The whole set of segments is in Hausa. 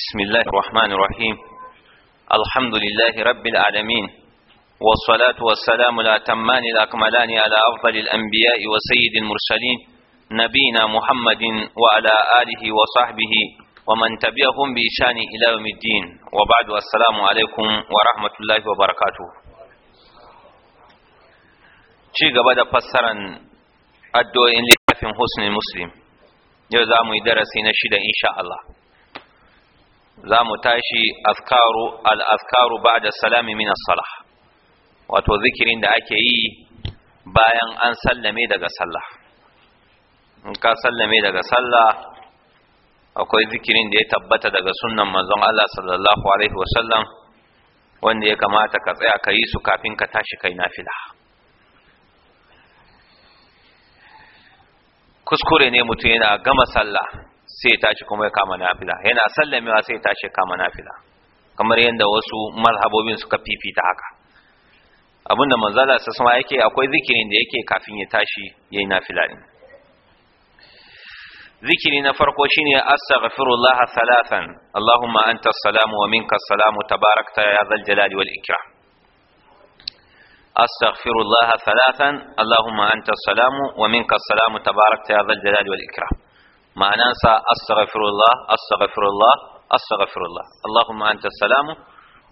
بسم الله الرحمن الرحيم الحمد لله رب العالمين والصلاة والسلام الأتمان الأكملان على أفضل الأنبياء وسيد المرسلين نبينا محمد وعلى آله وصحبه ومن تبعهم بإشان إلى يوم الدين وبعد السلام عليكم ورحمة الله وبركاته شيء قبل فسرا الدوء لكافٍ حسن المسلم يوزام درسنا شدة إن شاء الله za mu tashi azkaru al-azkaru ba'da salami min as-salah wato zikirin da ake yi bayan an sallame daga sallah in ka sallame daga sallah akwai zikirin da ya tabbata daga sunnan manzon Allah sallallahu alaihi wasallam wanda ya kamata ka tsaya ka yi su kafin ka tashi kai nafila kuskure ne mutum yana gama sallah sai ya tashi kuma ya kama nafila yana sallamewa sai ya tashi kama nafila kamar yadda wasu malhabobin suka fifita haka abin da manzala sa sama yake akwai zikirin da yake kafin ya tashi yayin nafila din zikiri na farko shine astaghfirullah thalathan allahumma anta salamu wa minka salamu tabarakta ya zal jalali wal ikram anta as ثلاثا wa minka as ومنك السلام ya zal jalali wal ikram معناها أستغفر الله أستغفر الله أستغفر الله اللهم أنت السلام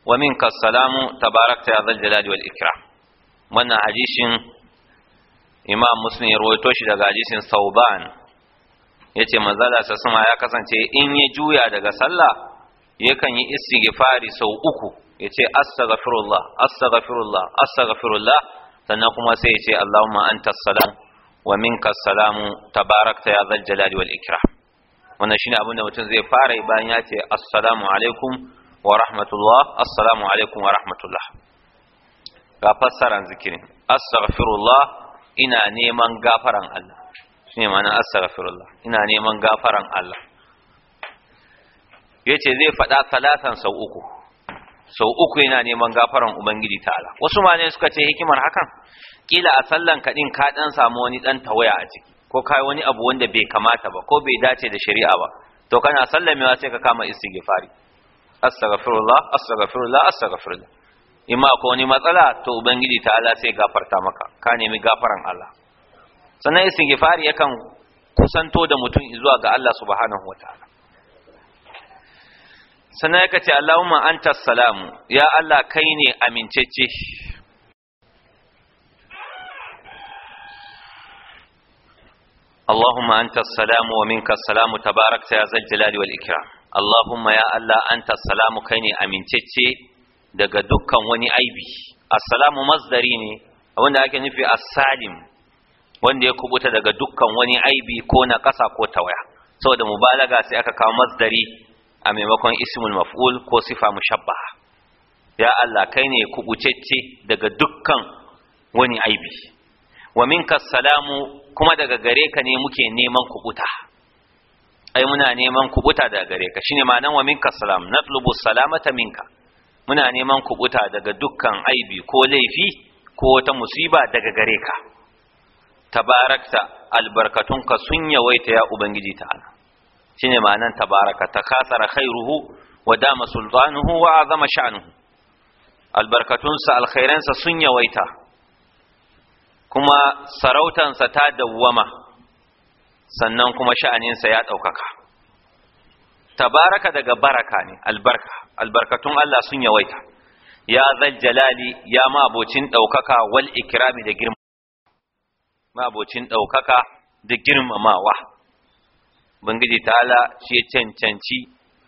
ومنك السلام تباركت يا ذا الجلال والإكرام من حديث إمام مسلم رويتوش daga hadisin Sauban yace manzala sa sama ya kasance in ya juya daga sallah yakan yi istighfari sau uku yace astaghfirullah astaghfirullah astaghfirullah sannan kuma sai yace allahumma anta salam wa minka salamu tabarakta ya zal jalali wal ikram wannan shine abin da mutum zai fara yi bayan ya ce assalamu alaikum wa rahmatullah assalamu alaikum wa rahmatullah ga fassaran zikirin astaghfirullah ina neman gafaran Allah shine ma'anar astaghfirullah ina neman gafaran Allah yace zai faɗa talatan sau uku sau uku yana neman gafaran ubangiji ta'ala wasu ma ne suka ce hikimar hakan kila a sallan ka din ka dan samu wani dan tawaya a ciki ko kai wani abu wanda bai kamata ba ko bai dace da shari'a ba to kana sallamewa sai ka kama istighfari astaghfirullah astaghfirullah astaghfirullah imma ko wani matsala to ubangiji ta'ala sai gafarta maka ka nemi gafaran Allah sannan istighfari yakan kusanto da mutum zuwa ga Allah subhanahu wataala sannan ka ce Allahumma anta salamu ya Allah kai ne amincece Allahumma anta salamu wa minka salamu tabarakta ya zal jalali wal ikram Allahumma ya Allah anta salamu kai ne amincece daga dukkan wani aibi assalamu masdari ne wanda ake nufi as-salim wanda ya kubuta daga dukkan wani aibi ko na ƙasa ko tawaya saboda mubalaga sai aka kawo masdari a maimakon ismul maf'ul ko sifa mushabbaha ya Allah kai ne kubucecce daga dukkan wani aibi wa minka salamu kuma daga gare ka ne muke neman kubuta ai muna neman kubuta daga gare ka shine ma'anan wa minka salam natlubu salamata minka muna neman kubuta daga dukkan aibi ko laifi ko wata musiba daga gare ka tabarakta albarkatunka sun yawaita ya ubangiji ta'ala shine ma'anan tabaraka takasara khairuhu wa dama sultanuhu wa azama sha'nuhu albarkatunsa alkhairansa sun yawaita kuma sarautansa ta dawwama sannan kuma sha'aninsa ya ɗaukaka tabaraka daga baraka ne albarka albarkatun Allah sun yawaita ya zal jalali ya mabocin ɗaukaka wal ikrami da girma mabocin ɗaukaka da girmamawa ubangiji ta'ala shi ya cancanci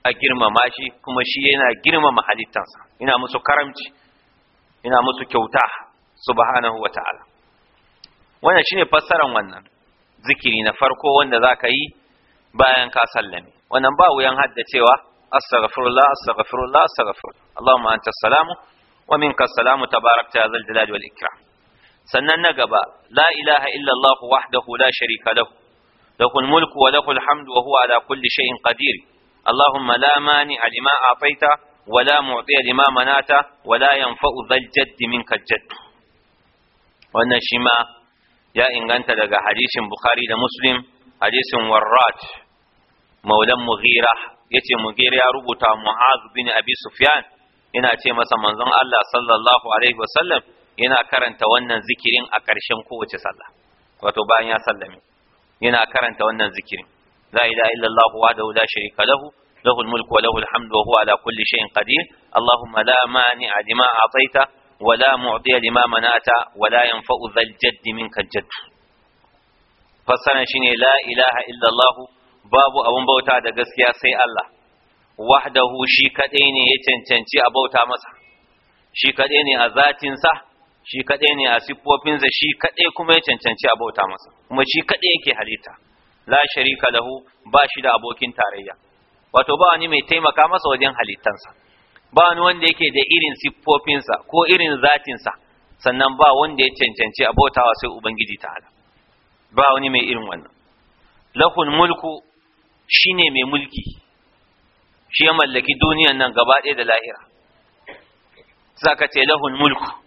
a girmama shi kuma shi yana girmama halittansa ina musu karamci ina musu kyauta subhanahu wa ta'ala wannan shine fassaran wannan zikiri na farko wanda zaka yi bayan ka sallame wannan ba wuyan haddacewa astaghfirullah astaghfirullah astaghfirullah allahumma anta salamu wa minka salamu tabarakta ya zal jalali wal ikram sannan na gaba la ilaha illallah wahdahu la sharika lahu له الملك وله الحمد وهو على كل شيء قدير اللهم لا مانع لما أعطيت ولا معطي لما منعت ولا ينفع ذا الجد منك الجد wannan shi ma ya inganta daga hadisin bukhari da muslim hadisin warrat maulan mughira yace mughira ya rubuta mu'az Abisufyan. yana ce masa manzon Allah sallallahu alaihi wasallam yana karanta wannan zikirin a ƙarshen kowace sallah wato bayan ya sallame yana karanta wannan zikirin la ilaha illallah wa da la sharika lahu lahu almulk wa lahu alhamd ala kulli shay'in qadir allahumma la mani'a lima a'taita wa la mu'tiya lima mana'ata wa la yanfa'u dhal jaddi minka jadd fasana shine la ilaha illallah babu abin bauta da gaskiya sai allah wahdahu shi kadai ne ya cancanci a bauta masa shi kadai ne a zatinsa sa shi kaɗai ne a siffofinsa shi kaɗai kuma ya cancanci a bauta masa kuma shi kaɗai yake halitta la sharika lahu ba shi da abokin tarayya wato ba wani mai taimaka masa wajen halittansa ba wani wanda yake da irin siffofinsa ko irin zatinsa sannan ba wanda ya cancanci a bautawa sai ubangiji ta'ala ba wani mai irin wannan lahul mulku shine mai mulki shi ya mallaki duniyan nan gaba ɗaya da lahira saka ce lahul mulku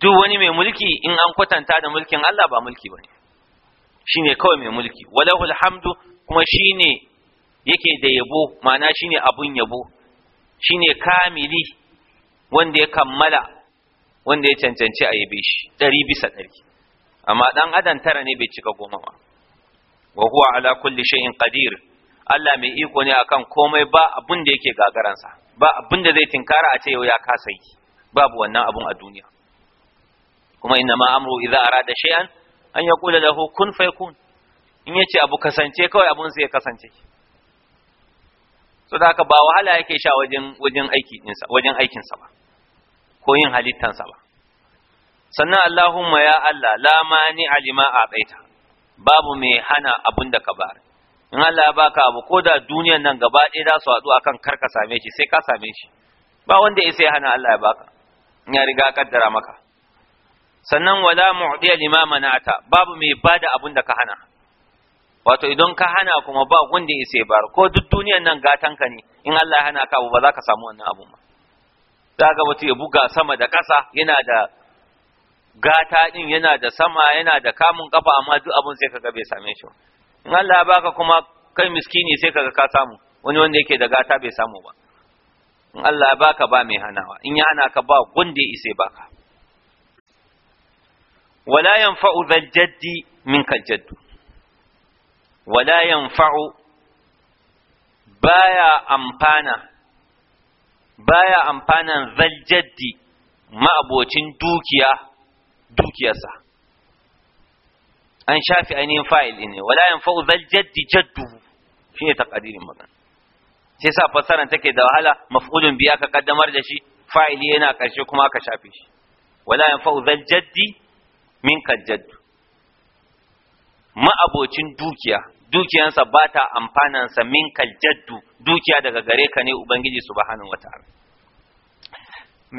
duk wani mai mulki in an kwatanta da mulkin Allah ba mulki ba bane shine kawai mai mulki walahul hamdu kuma shine yake da yabo ma'ana shine abun yabo shine kamili wanda ya kammala wanda ya cancanci a yabe shi ɗari bisa ɗari amma ɗan adam tara ne bai cika goma ba wa huwa ala kulli shay'in qadir Allah mai iko ne akan komai ba abun da yake gagaransa ba abun da zai tinkara a ce yau ya kasa yi babu wannan abun a duniya kuma inna ma amru idza arada shay'an an yaqula lahu kun fayakun in yace abu kasance kawai abun sai ya kasance so haka ba wahala yake sha wajen wajen aiki dinsa wajen aikin sa ba ko yin halittan sa ba sannan Allahumma ya Allah la mani alima a'taita babu mai hana abun da ka ba in Allah ya baka abu ko da duniyan nan gaba ɗaya za su haɗu akan kar ka same shi sai ka same shi ba wanda ya sai hana Allah ya baka in ya riga kaddara maka sannan wala mu'diya lima mana'ata babu mai bada abun da ka hana wato idan ka hana kuma ba wanda ya bar ko duk duniyan nan gatan ka ne in Allah ya hana ka ba za ka samu wannan abun ba za ga mutum ya buga sama da ƙasa yana da gata din yana da sama yana da kamun kafa amma duk abun sai kaga bai same shi in Allah ya baka kuma kai miskini sai kaga ka samu wani wanda yake da gata bai samu ba in Allah ya baka ba mai hanawa in ya hana ka ba wanda ya ise baka wala yanfa'u dhal jaddi minkal jaddu wala yanfa'u baya amfana baya amfanan zal jaddi ma'abocin dukiya an shafi ainihin fa'il ne wala yanfa'u zal jaddi jadduhu shine taqdirin magana sai sa fassaran take da wahala maf'ulun biya ka kaddamar da shi fa'ili yana karshe kuma aka shafe shi wala yanfa'u zal jaddi min kajjaddu ma'abocin dukiya dukiyansa ba ta amfanansa min kajjaddu dukiya daga gare ka ne ubangiji subhanahu wataala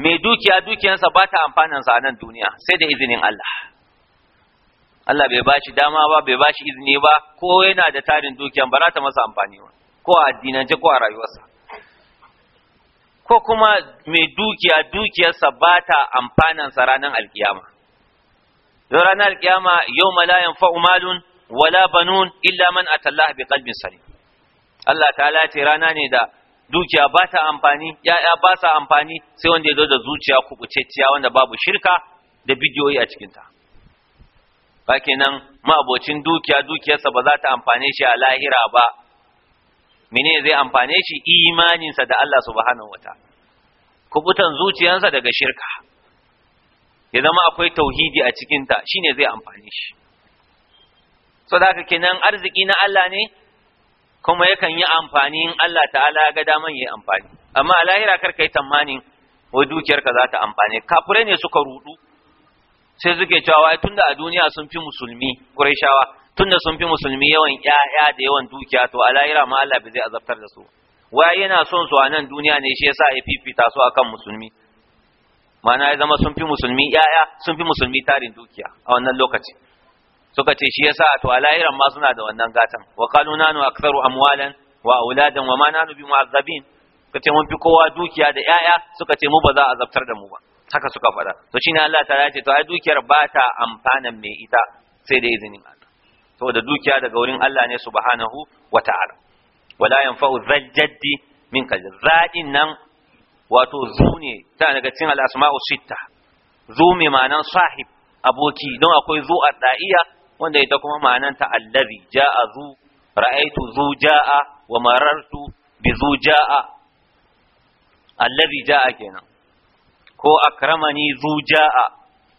mai dukiya dukiyansa ba ta amfanansa a nan duniya sai da izinin Allah Allah bai bashi dama ba bai bashi izini ba ko yana da tarin dukiyan ba za ta masa amfani ba ko a addinance ko a rayuwarsa ko kuma mai dukiya dukiyarsa ba ta amfanansa ranar alkiyama don ranar alkiyama yau malayan malun wala banun illa man atallaha bi qalbin salim Allah ta'ala ce rana ne da dukiya ba ta amfani ya'ya ba sa amfani sai wanda ya zo da zuciya kubucecciya wanda babu shirka da bidiyoyi a cikinta ba kenan ma'abocin dukiya dukiyarsa ba za ta amfane shi a lahira ba mene zai amfane shi imaninsa da Allah subhanahu wata kubutan zuciyarsa daga shirka ya zama akwai tauhidi a cikinta shine zai amfane shi so da haka kenan arziki na Allah ne kuma yakan yi amfani in Allah ta'ala ya ga daman yi amfani amma a lahira kar ka yi tamanin wai dukiyarka za ta amfane Kafure ne suka rudu sai suke cewa wai tunda a duniya sun fi musulmi quraishawa tunda sun fi musulmi yawan yaya da yawan dukiya to a lahira ma Allah bai zai azabtar da su wai yana son su a nan duniya ne shi yasa ya fifita su akan musulmi Ma'ana ya zama sun fi musulmi yaya sun fi musulmi tarin dukiya a wannan lokaci suka ce shi yasa to alahiran ma suna da wannan gatan wa qalu nanu aktharu amwalan wa auladan wa ma nanu bi mu'azzabin suka ce mun fi kowa dukiya da yaya suka ce mu ba za a azabtar da mu ba haka suka faɗa to shine Allah ta ce to ai dukiyar ba ta amfanan mai ita sai da izinin Allah saboda dukiya daga wurin Allah ne subhanahu wa ta'ala wala yanfa'u zajjaddi min kaza Zaɗin nan wato zu ne ta daga cikin al'asma'u sitta zu mai ma'anan sahib aboki don akwai zu a ɗaiya wanda ita kuma manan ta allazi ja'a zu ra'aitu zu ja'a wa marartu bi zu ja'a allazi ja'a kenan ko akramani zu ja'a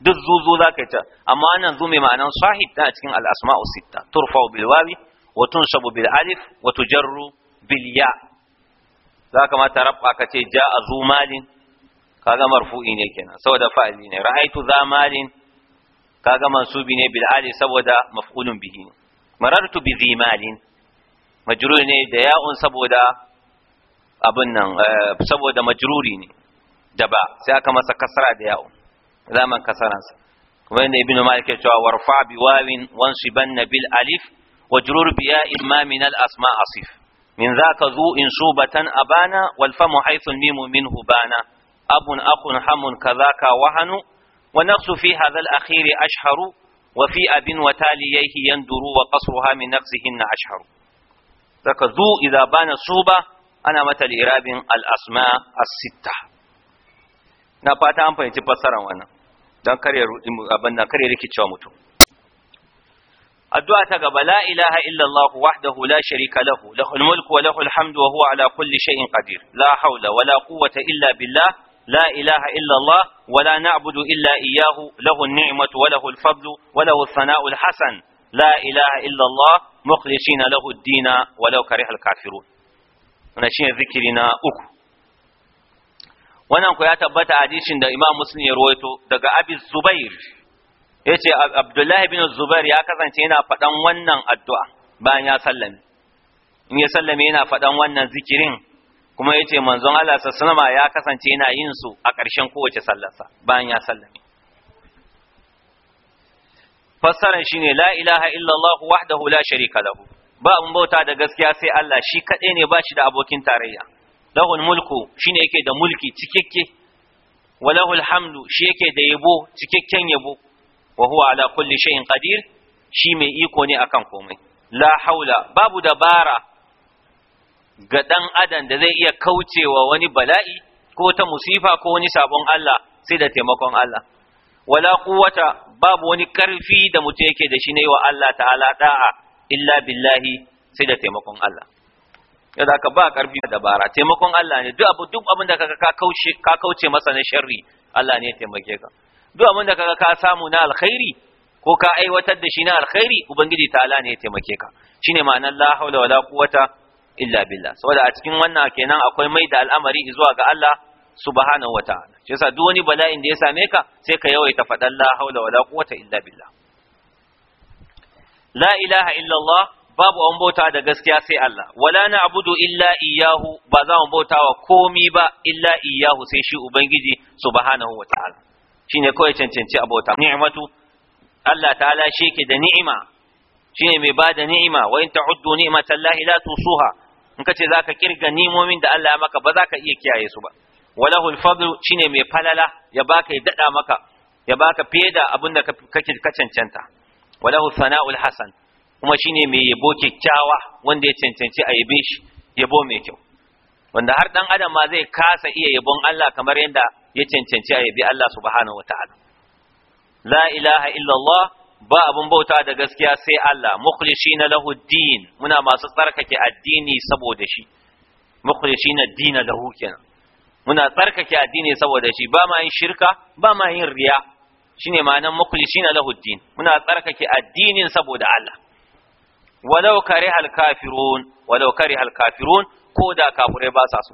duk zu zu zaka ta amma nan zu mai ma'anan sahib ta cikin al'asma'u sitta turfa bil wawi wa tunsabu bil alif wa tujarru bil ya' za ka mata rabba ka ce ja a zu malin kaga marfu'i ne kenan saboda fa'ili ne ra'aitu za malin kaga mansubi ne bil ali saboda maf'ulun bihi ne marartu bi zi malin majrur ne da ya'un saboda abun nan eh, saboda majruri ne da ba sai aka masa kasara da ya'un zaman kasaransa kuma yadda ibnu malik ya cewa warfa bi wawin wansiban bil alif wajrur bi ya'in ma min al asma asif min zaka zu in shubatan tan a bana? haythu mimu minhu bana abun akhun hamun kadhaka wahanu wa naqsu fi hadha al akhir ashharu wa fi abin wa taliyayhi yanduru wa qasruha min asharu. ashharu zaka zu idza bana suba ana mata lirabin irabin al asma as na fata an fahimci fassarar wannan dan kare abin nan kare rikicewa mutum الدعاء تقبى لا إله إلا الله وحده لا شريك له له الملك وله الحمد وهو على كل شيء قدير لا حول ولا قوة إلا بالله لا إله إلا الله ولا نعبد إلا إياه له النعمة وله الفضل وله الثناء الحسن لا إله إلا الله مخلصين له الدين ولو كره الكافرون ونشين ذكرنا أكو ونحن قياتا بتا عديش دا إمام مسلم يرويته دا أبي الزبير yace Abdullahi bin Zubair ya kasance yana faɗan wannan addu'a bayan ya sallame in ya sallame yana faɗan wannan zikirin kuma yace manzon Allah sallallahu ya kasance yana yin su a ƙarshen kowace sallarsa bayan ya sallame fassaran shine la ilaha illallah wahdahu la sharika lahu ba abin bauta da gaskiya sai Allah shi kaɗai ne ba shi da abokin tarayya lahul mulku shine yake da mulki cikakke lahul hamdu shi yake da yabo cikakken yabo wa huwa ala kulli shay'in qadir shi mai iko ne akan komai la haula babu dabara ga dan adam da zai iya kaucewa wani bala'i ko ta musifa ko wani sabon Allah sai da taimakon Allah wala quwwata babu wani karfi da mutum yake da shi ne wa Allah ta'ala da'a illa billahi sai da taimakon Allah yadda ka ba karfi da dabara taimakon Allah ne duk abu duk abin da ka kauce ka kauce masa na sharri Allah ne ya taimake ka duk abin da kaga ka samu na alkhairi ko ka aiwatar da shi na alkhairi ubangiji ta'ala ne ya taimake ka shine ma'anar la haula wala quwata illa billah saboda a cikin wannan kenan akwai mai da al'amari zuwa ga Allah subhanahu wataala shi yasa duk wani bala'in da ya same ka sai ka yawaita faɗan la haula wala quwata illa billah la ilaha illallah babu an bauta da gaskiya sai Allah wala na'budu illa iyyahu ba za mu bauta wa komi ba illa iyyahu sai shi ubangiji subhanahu wataala shine kawai cancanci abota ni'matu Allah ta'ala shi ke da ni'ima shine mai ba da ni'ima wa in ta'uddu ni'matallahi la tusuha in kace zaka kirga nimomin da Allah ya maka ba zaka iya kiyaye su ba walahul fadl shine mai falala ya baka ya dada maka ya baka fiye da abin da kake ka cancanta walahul sana'ul hasan kuma shine mai yabo kyakkyawa wanda ya cancanci a yabe shi yabo mai kyau wanda har dan adam ma zai kasa iya yabon Allah kamar yadda ya cancanci a yabi Allah subhanahu wataala la ilaha illallah ba abun bauta da gaskiya sai Allah mukhlishina lahu din muna masu tsarkake addini saboda shi mukhlishina dina lahu kenan muna tsarkake addini saboda shi ba ma yin shirka ba ma yin riya shine ma'anar mukhlishina lahu din muna tsarkake addinin saboda Allah walau karihal kafirun walau karihal kafirun ko da kafirai ba sa so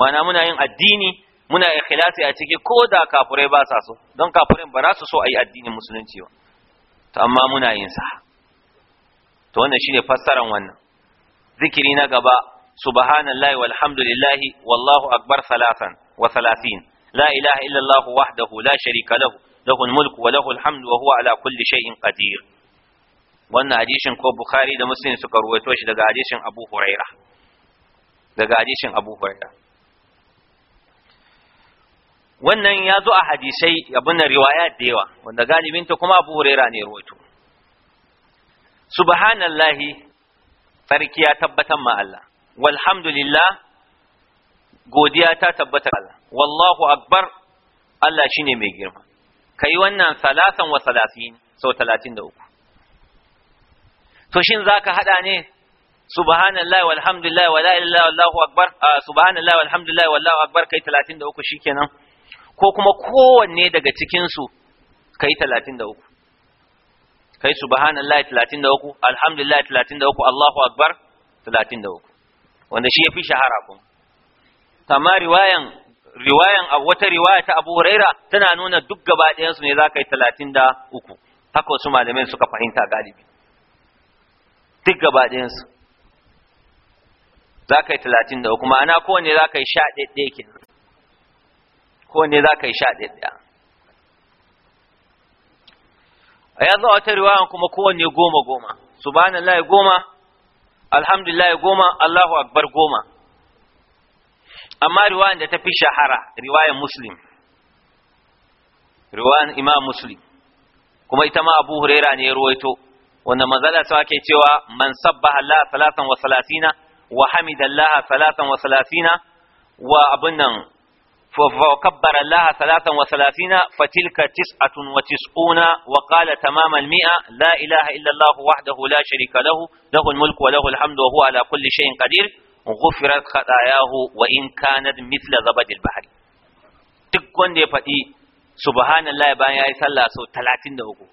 ma'ana muna yin addini muna ikhlasi a ciki ko da kafurai ba sa so don kafurin ba za su so a yi addinin musulunci ba to amma muna yin sa to wannan shine fassaran wannan zikiri na gaba subhanallahi walhamdulillahi wallahu akbar salasan wa salasin la ilaha illallah wahdahu la sharika lahu lahu almulku wa lahu alhamdu wa huwa ala kulli shay'in qadir wannan hadisin ko bukhari da muslim suka ruwaito shi daga hadisin abu huraira daga hadisin abu huraira wannan ya zo a hadisai abin nan riwaya da yawa wanda galibinta kuma Abu Huraira ne ruwaito subhanallahi sarki ya tabbatan ma Allah walhamdulillah godiya ta tabbata Allah wallahu akbar Allah shine mai girma kai wannan salatan wa salasin sau talatin da uku. to shin zaka hada ne subhanallahi walhamdulillah wala ilaha illallah wallahu akbar ah, subhanallahi walhamdulillah wallahu akbar kai talatin da 33 shikenan ko kuma kowanne daga cikinsu ka yi talatin da uku ka yi subhanallah talatin da uku alhamdulillah talatin da uku allahu akbar talatin da uku wanda shi ya fi shahara kuma Tama riwayan riwayan a wata riwaya ta abu huraira tana nuna duk gaba ɗayansu ne za ka yi talatin da uku haka wasu malamai suka fahimta galibi duk gaba ɗayansu za ka yi talatin da uku ma'ana kowanne za ka yi sha ɗaiɗaya kenan ko ne za ka yi sha ɗaya a yanzu a wata riwayan kuma kowanne goma goma subhanallah goma alhamdulillah goma allahu akbar goma amma riwayan da ta fi shahara riwayan muslim riwayan imam muslim kuma ita ma abu huraira ne ya ruwaito wanda manzala sa ake cewa man sabba allah salatan wa salatina wa hamida allah salatan wa salatina wa abin nan فكبر الله ثلاثا وثلاثين فتلك تسعة وتسعون وقال تمام المئة لا إله إلا الله وحده لا شريك له له الملك وله الحمد وهو على كل شيء قدير غفرت خطاياه وإن كانت مثل زبد البحر تقوان دي فتي سبحان الله بان يأي صلى سو تلاتين دوكو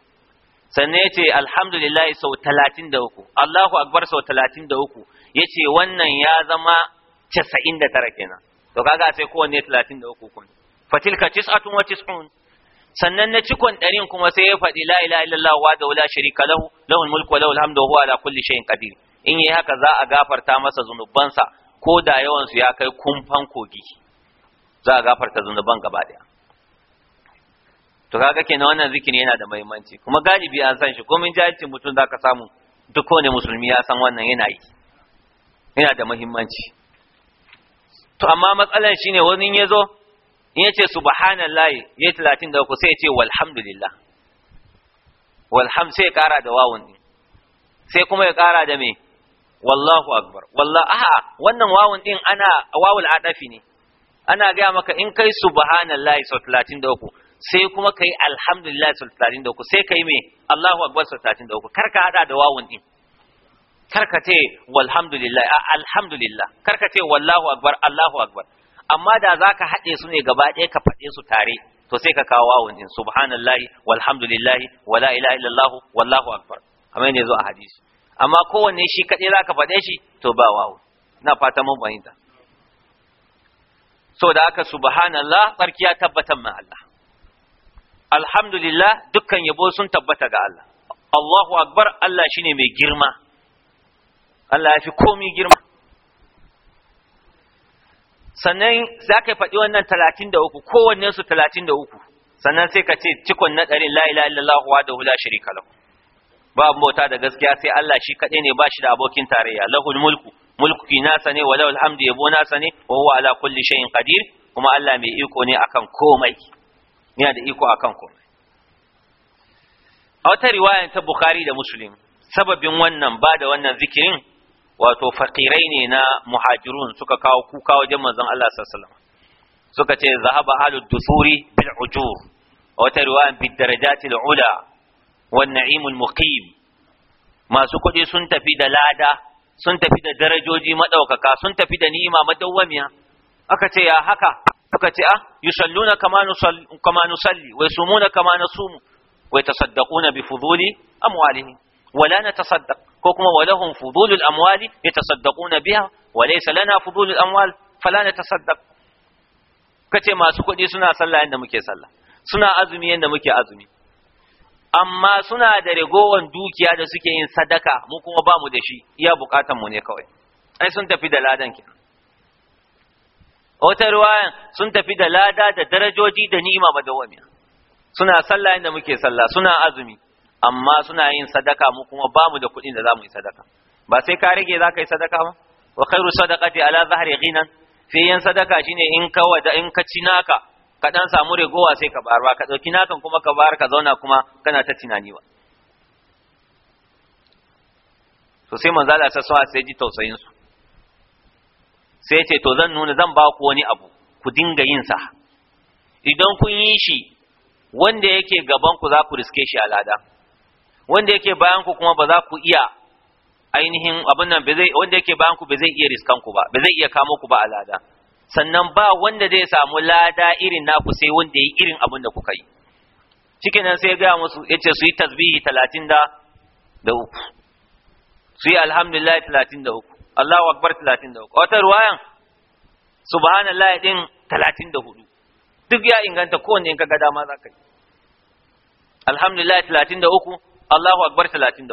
سنيتي الحمد لله سو تلاتين دوكو الله أكبر سو تلاتين دوكو يتي ونن يا زما تسعين دا to kaga sai kowanne 33 kuma fatilka tis'atun wa tis'un sannan na cikon ɗarin kuma sai ya faɗi la ilaha illallah wa da wala sharika lahu lahul mulku wa lahul hamdu huwa ala kulli shay'in qadir in yi haka za a gafarta masa zunubansa ko da yawan su ya kai kumfan kogi za a gafarta zunuban gaba daya to kaga kenan wannan zikiri yana da muhimmanci kuma galibi an san shi komin jahilci mutum zaka samu duk kowane musulmi ya san wannan yana yi yana da muhimmanci to amma matsalan shine wani ya zo in ya ce subhanallahi ya yi talatin da uku sai ya ce walhamdulillah walham sai ya kara da wawun din sai kuma ya kara da me wallahu akbar wallah aha wannan wawun din ana wawul adafi ne ana gaya maka in kai subhanallahi sau talatin da uku sai kuma kai alhamdulillah sau talatin da uku sai kai me allahu akbar sau talatin da uku kar ka hada da wawun din karkace walhamdulillah alhamdulillah karkace wallahu akbar allahu akbar amma da za ka haɗe su ne gaba ɗaya ka faɗe su tare to sai ka kawo wawun din subhanallahi walhamdulillahi wala ilaha illallah wallahu akbar kamar yadda zo a hadisi amma kowanne shi za ka faɗe shi to ba wawu na fata mun fahimta so da aka subhanallah tsarki ya tabbatar ma Allah alhamdulillah dukkan yabo sun tabbata ga Allah Allahu akbar Allah shine mai girma Allah ya fi komi girma sannan za ka faɗi wannan talatin da uku kowanne talatin da uku sannan sai ka ce cikon na ɗarin la illallah wa da hula shirika lahu ba bauta da gaskiya sai Allah shi kaɗai ne ba shi da abokin tarayya lahul mulku mulki nasa ne yabo nasa ne wa huwa ala kulli shay'in qadir kuma Allah mai iko ne akan komai yana da iko akan komai a wata riwaya ta Bukhari da Muslim sababin wannan ba da wannan zikirin wato faqirai ne na muhajirun suka kawo kuka wajen manzon Allah sallallahu alaihi wasallam suka ce zahaba ahlud dusuri bil ujur wata riwayan bid darajati al ula wan al muqim masu kuɗi sun tafi da lada sun tafi da darajoji madaukaka sun tafi da ni'ima madawwamiya aka ce ya haka suka ce ah yusalluna kama nusalli kama nusalli wa yasumuna kama nasumu wa yatasaddaquna bi fuduli amwalihim wa la natasaddaq ko kuma walahum fudulul amwali yatasaddaquna biha wa laysa lana fudulul amwal fala natasaddaq kace masu kuɗi suna sallah inda muke sallah suna azumi inda muke azumi amma suna da ragowan dukiya da suke yin sadaka mu kuma ba mu da shi iya bukatan mu ne kawai ai sun tafi da ladan ki wata ruwaya sun tafi da lada da darajoji da ni'ima ba da wani suna sallah inda muke sallah suna azumi amma suna yin sadaka mu kuma bamu da kuɗin da za mu yi sadaka ba sai ka rage za ka yi sadaka ba wa khairu sadaqati ala zahri ghinan yin sadaka shine in ka wada in ka ci naka ka dan samu regowa sai ka bayar ba ka dauki naka kuma ka bar ka zauna kuma kana ta tunani ba to sai manzo Allah sa sai ji tausayin su sai ce to zan nuna zan ba ku wani abu ku dinga yin sa idan kun yi shi wanda yake gaban ku za ku riske shi al'ada wanda yake bayan ku kuma ba za ku iya ainihin abin nan wanda yake bayan ku ba zai iya riskan ku ba ba zai iya kamo ku ba a lada sannan ba wanda zai samu lada irin na ku sai wanda yi irin abin da kuka yi cikin nan sai ga musu yace su yi tasbihi 30 da da uku su yi alhamdulillah 30 da uku Allahu akbar 30 da uku wata ruwayan subhanallahi din 34 duk ya inganta kowanne in ka ga dama zaka yi alhamdulillah 33 Allahu akbar 33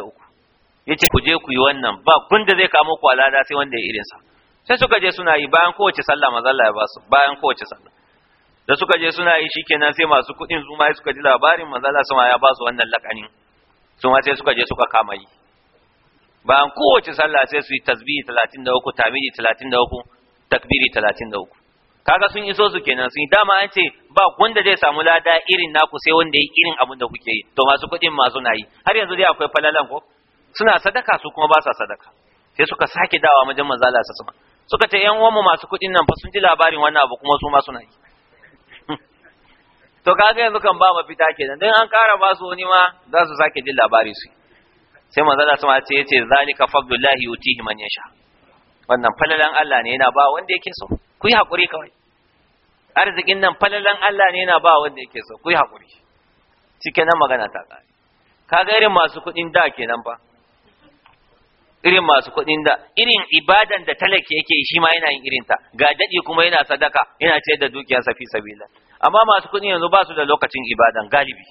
yace ku je ku yi wannan ba kun da zai kamo ku alada sai wanda ya irin sa sai suka je suna yi bayan kowace sallah manzo Allah ya ba su bayan kowace sallah da suka je suna yi shikenan sai masu kuɗin zuma ma suka ji labarin manzo Allah sama ya ba su wannan lakani su ma sai suka je suka kama yi bayan kowace sallah sai su yi tasbihi 33 tamidi 33 takbiri 33 kaga sun iso su kenan sun dama an ce ba wanda zai samu lada irin naku sai wanda yi irin abin da kuke yi to masu kuɗin masu nayi. har yanzu dai akwai falalan ko suna sadaka su kuma ba sa sadaka sai suka sake dawa majan manzo su sama suka ce ƴan uwanmu masu kuɗin nan fa sun ji labarin wannan abu kuma su ma suna yi to kaga yanzu kan ba mafita kenan dan an kara ba su wani ma za su sake jin labarin su sai manzo su ma ce yace zalika fadlullahi yutihi man yasha wannan falalan Allah ne yana ba wanda yake so ku yi haƙuri kawai arzikin nan falalan Allah ne yana ba wanda yake so ku yi haƙuri cike nan magana ta ƙare ga irin masu kuɗin da ke nan ba irin masu kuɗin da irin ibadan da talaki yake shi ma yana yin irinta ga daɗi kuma yana sadaka yana ciyar da dukiyarsa fi sabila amma masu kuɗin yanzu ba su da lokacin ibadan galibi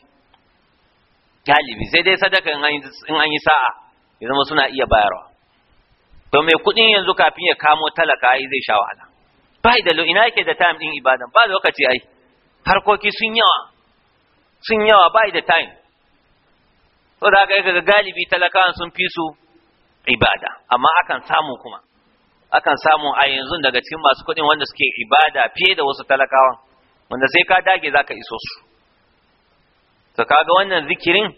galibi sai dai sadaka in an yi sa'a ya zama suna iya bayarwa to mai kuɗin yanzu kafin ya kamo talaka ai zai sha wahala bai da ina yake da time din ibadan ba lokaci ai harkoki sun yawa sun yawa bai da time to da kai ga galibi talakawa sun fi su ibada amma akan samu kuma akan samu a yanzu daga cikin masu kuɗi wanda suke ibada fiye da wasu talakawan wanda sai ka dage zaka iso su to kaga wannan zikirin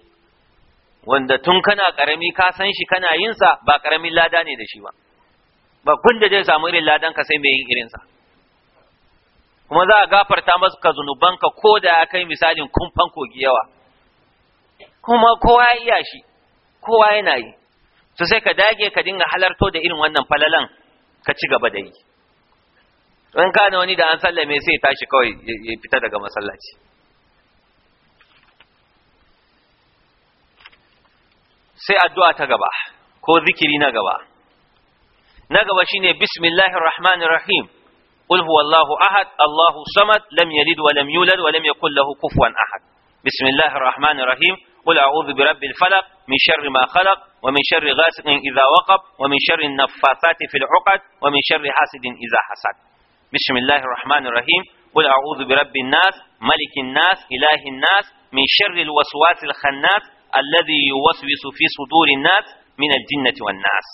wanda tun kana karami ka san shi kana yin sa ba karamin lada ne da shi ba ba kun da zai samu irin ladan ka sai mai yin sa, kuma za a gafarta masu ka zunuban ka ko da ya kai misalin kumfan kogi yawa kuma kowa ya iya shi kowa yana yi to sai ka dage ka dinga halarto da irin wannan falalan ka ci gaba da yi in ka wani da an sallame sai ya tashi kawai ya fita daga masallaci sai addu'a ta gaba ko zikiri na gaba نقوى شيني بسم الله الرحمن الرحيم قل هو الله أحد الله صمد لم يلد ولم يولد ولم يكن له كفوا أحد بسم الله الرحمن الرحيم قل أعوذ برب الفلق من شر ما خلق ومن شر غاسق إذا وقب ومن شر النفاثات في العقد ومن شر حاسد إذا حسد بسم الله الرحمن الرحيم قل أعوذ برب الناس ملك الناس إله الناس من شر الوسواس الخناس الذي يوسوس في صدور الناس من الجنة والناس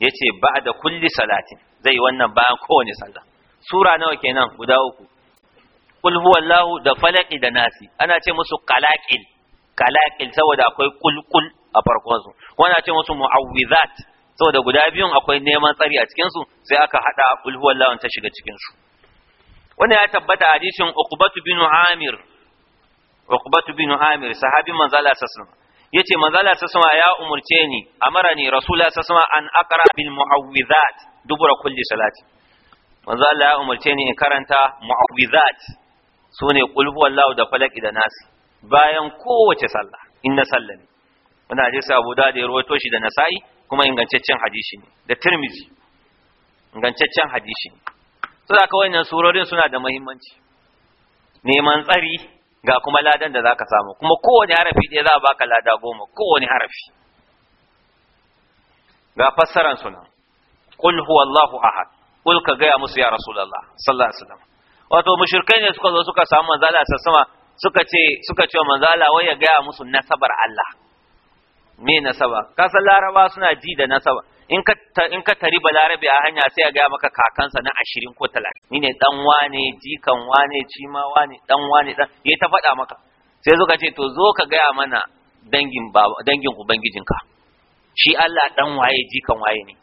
Ya ce ba da kulli salatin zai wannan bayan kowane sallah sura nawa kenan guda uku kul huwallahu da falaki da nasi ana ce musu kalakil qalaqil saboda akwai kulkul a farkon su wannan ce musu muawwizat saboda guda biyun akwai neman tsari a cikin su sai aka hada kul huwallahu ta shiga cikin su ya tabbata hadisin uqbatu bin amir uqbatu bin amir sahabi manzala sallallahu yace manzala ta ya umurce ni amarani ni rasula sama an aqra bil muawwidhat dubura kulli salati manzala ya umurce ni in karanta muawwidhat sune qulhu wallahu da falaki da nas bayan kowace sallah inna sallani wannan hadisi Abu Dawud ya rawaito shi da Nasa'i kuma ingantaccen hadisi ne da Tirmidhi ingantaccen hadisi ne saboda haka wannan surorin suna da muhimmanci neman tsari ga kuma ladan da zaka samu kuma kowane harafi ɗaya za a baka lada goma kowane harafi ga fassaran sunan huwa Allahu ahad kul ka gaya musu ya rasulullah sallallahu alaihi wasallam wato mushrikai ne suka zo suka samu Manzala Allah sassama suka ce suka ce manzala wai ya gaya musu nasabar Allah me nasaba Ka san laraba suna ji da nasaba in ka in ka tari balarabe a hanya sai a gaya maka kakansa na ashirin ko talatin ni ne dan wane jikan wane cima wane dan wane dan ya ta faɗa maka sai zo ka ce to zo ka gaya mana dangin dangin ubangijinka shi Allah dan waye jikan waye ne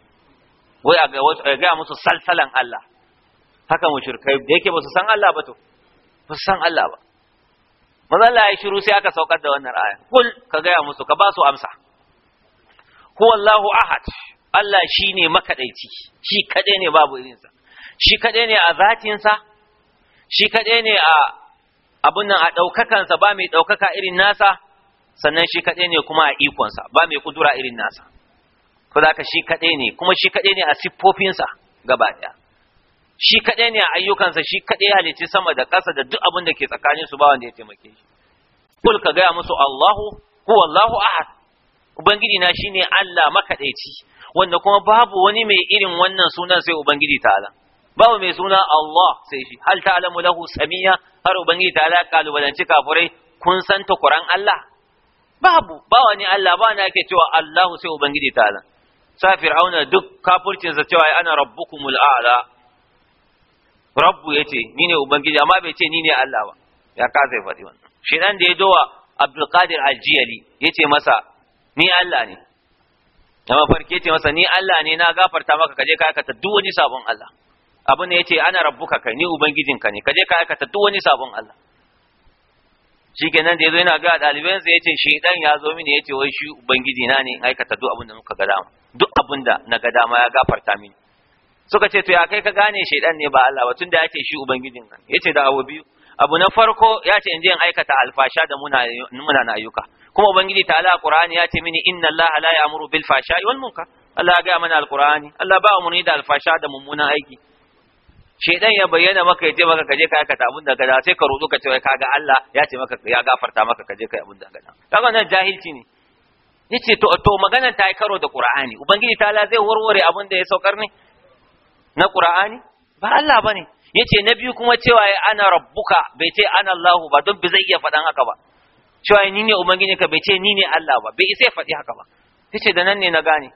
wai a gaya musu salsalan Allah haka mushrikai da yake ba su san Allah ba to ba su san Allah ba manzo Allah ya shiru sai aka saukar da wannan aya kul ka gaya musu ka ba su amsa huwallahu ahad Allah shi ne makaɗaici, shi kaɗai ne babu irinsa, shi kaɗai ne a zatinsa, shi kaɗai ne a abin nan a ɗaukakansa ba mai ɗaukaka irin nasa, sannan shi kaɗai ne kuma a ikonsa ba mai kudura irin nasa. Ko za ka shi kaɗai ne, kuma shi kaɗai ne a siffofinsa gaba ɗaya. Shi kaɗai ne a ayyukansa, shi kaɗai halicci sama da ƙasa da duk abin da ke tsakanin su ba wanda ya taimake shi. Kul ka gaya musu Allahu, huwa Allahu ahad. Ubangiji na ne Allah makaɗaici, wanda kuma babu wani mai irin wannan sunan sai ubangiji ta'ala babu mai suna Allah sai shi hal ta'lamu lahu samiya har ubangiji ta'ala kalubalanci kafurai kun san ta Qur'an Allah babu ba wani Allah ba na ake cewa Allah sai ubangiji ta'ala sa fir'auna duk kafircin cewa ana rabbukumul a'la rabbu yace ni ne ubangiji amma bai ce ni ne Allah ba ya ka zai faɗi wannan shedan da ya dowa Abdul Qadir Al-Jiyali yace masa ni Allah ne amma farke ce masa ni Allah ne na gafarta maka kaje ka aikata duk wani sabon Allah abin da yace ana rabbuka kai ni ubangijinka ne kaje ka aikata duk wani sabon Allah shikenan da yazo yana ga daliban sa yace shi ya zo mini yace wai shi ubangiji na ne in aikata duk abin da muka ga dama duk abin da na ga dama ya gafarta mini suka ce to ya kai ka gane dan ne ba Allah ba tunda yace shi ubangijin ka yace da abu biyu abu na farko yace in je in aikata alfasha da muna muna na ayyuka kuma ubangiji ala qur'ani ya ce mini inna allaha la ya'muru bil fahsha'i wal munkar Allah ya ga mana al qur'ani Allah ba mu ni da alfasha da mummunan aiki shedan ya bayyana maka yace maka kaje ka aikata abin da gada sai ka rudu ka ce wai kaga Allah ya ce maka ya gafarta maka kaje kai abin da kaga nan jahilci ne yace to to magana ta yi karo da Qur'ani ubangiji ta zai warware abin da ya saukar ne na Qur'ani ba Allah bane yace na biyu kuma cewa ya ana rabbuka bai ce ana Allah ba don bi zai iya faɗan haka ba cewa ni ne ubangiji ka bai ce ni ne Allah ba bai isa ya faɗi haka ba ce da nan ne na gane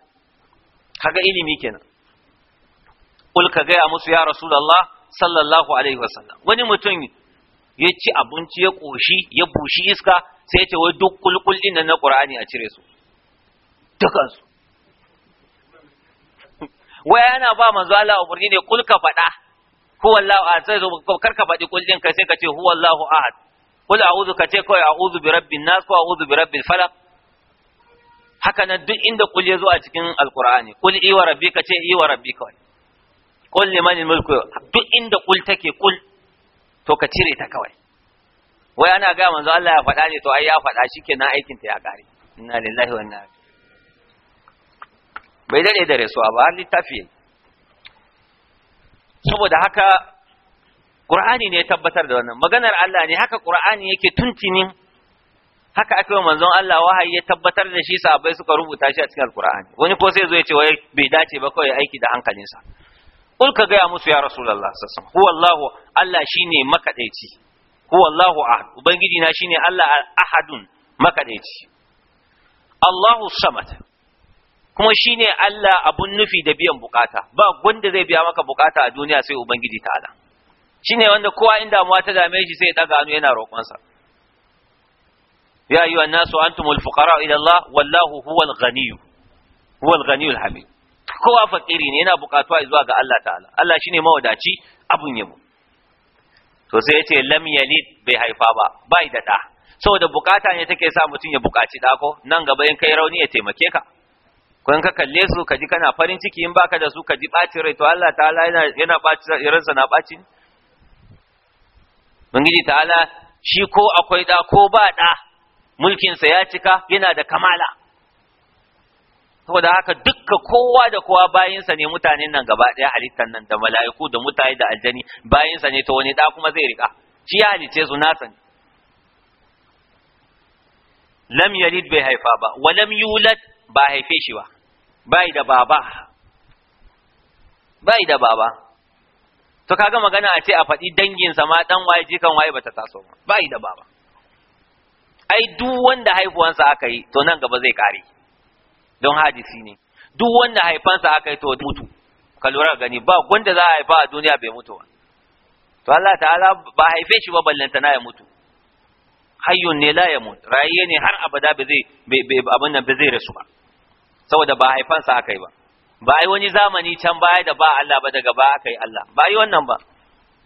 kaga ilimi kenan kul ka gaya musu ya rasulullah sallallahu alaihi wasallam wani mutum ya ci abinci ya koshi ya bushi iska sai ya ce wai duk kulkul din na qur'ani a cire su dukansu wai ana ba manzo Allah umarni ne kul ka faɗa huwallahu ahad sai zo kar ka faɗi kul din kai sai ka ce huwallahu ahad kul a'udhu ka ce kawai a'udhu bi rabbin nas ko a'udhu bi rabbil falaq haka nan duk inda kul ya zo a cikin alqur'ani kul i wa rabbi ka ce i wa rabbi kawai kul liman mulku duk inda kul take kul to ka cire ta kawai wai ana ga manzo Allah ya faɗa ne to ai ya faɗa shikenan aikin ta ya kare inna lillahi wa inna bai dade da resuwa ba har littafi saboda haka Qur'ani ne ya tabbatar da wannan maganar Allah ne haka Qur'ani yake tuntunin haka aka yi manzon Allah wahayi ya tabbatar da shi sahabbai suka rubuta shi a cikin Al-Qur'ani wani ko sai zo ya ce wai bai dace ba kawai aiki da hankalinsa kul ka gaya musu ya rasulullah sassan. hu Wallahu Allah shine makadaici Wallahu ahad ubangiji na shine Allah ahadun makadaici Allahu samad kuma shine Allah abun nufi da biyan bukata ba wanda zai biya maka bukata a duniya sai ubangiji ta'ala ne wanda kowa in damuwa ta dame shi sai ya daga hannu yana roƙonsa ya wa nasu fukara fuqara idan Allah wallahu huwal ganiyu. huwal ganiyu hamid kowa fakiri ne yana bukatuwa zuwa ga Allah ta'ala Allah shi ne mawadaci abun yabo to sai yace lam yalid bai haifa ba bai da da saboda bukata ne take sa mutum ya bukaci da ko nan gaba in kai rauni ya taimake ka ko in ka kalle su ka ji kana farin ciki in baka da su ka ji bacin rai to Allah ta'ala yana yana na bacin ubangiji ta'ala shi ko akwai da ko ba da mulkinsa ya cika yana da kamala saboda haka dukka kowa da kowa bayinsa ne mutanen nan gaba ɗaya halittan nan da mala'iku da mutane da aljani bayinsa ne ta wani da kuma zai riƙa shi ya halice su nasa ne lam yalid bai haifa ba wa lam yulad ba haife shi ba bai da baba bai da baba to kaga magana a ce a faɗi danginsa ma ɗan waye jikan waye bata taso ba ba da baba ai duk wanda haifuwansa aka yi to nan gaba zai kare don hadisi ne duk wanda haifansa aka yi to mutu ka lura gani ba gwanda za a haifa a duniya bai mutu ba to Allah ta'ala ba haife shi ba ballantana ya mutu hayyun ne la ya mutu rayuwa ne har abada ba zai abin nan ba zai rasu ba saboda ba haifansa aka yi ba ba ai wani zamani can baya da ba Allah ba daga ba aka yi Allah ba ai wannan ba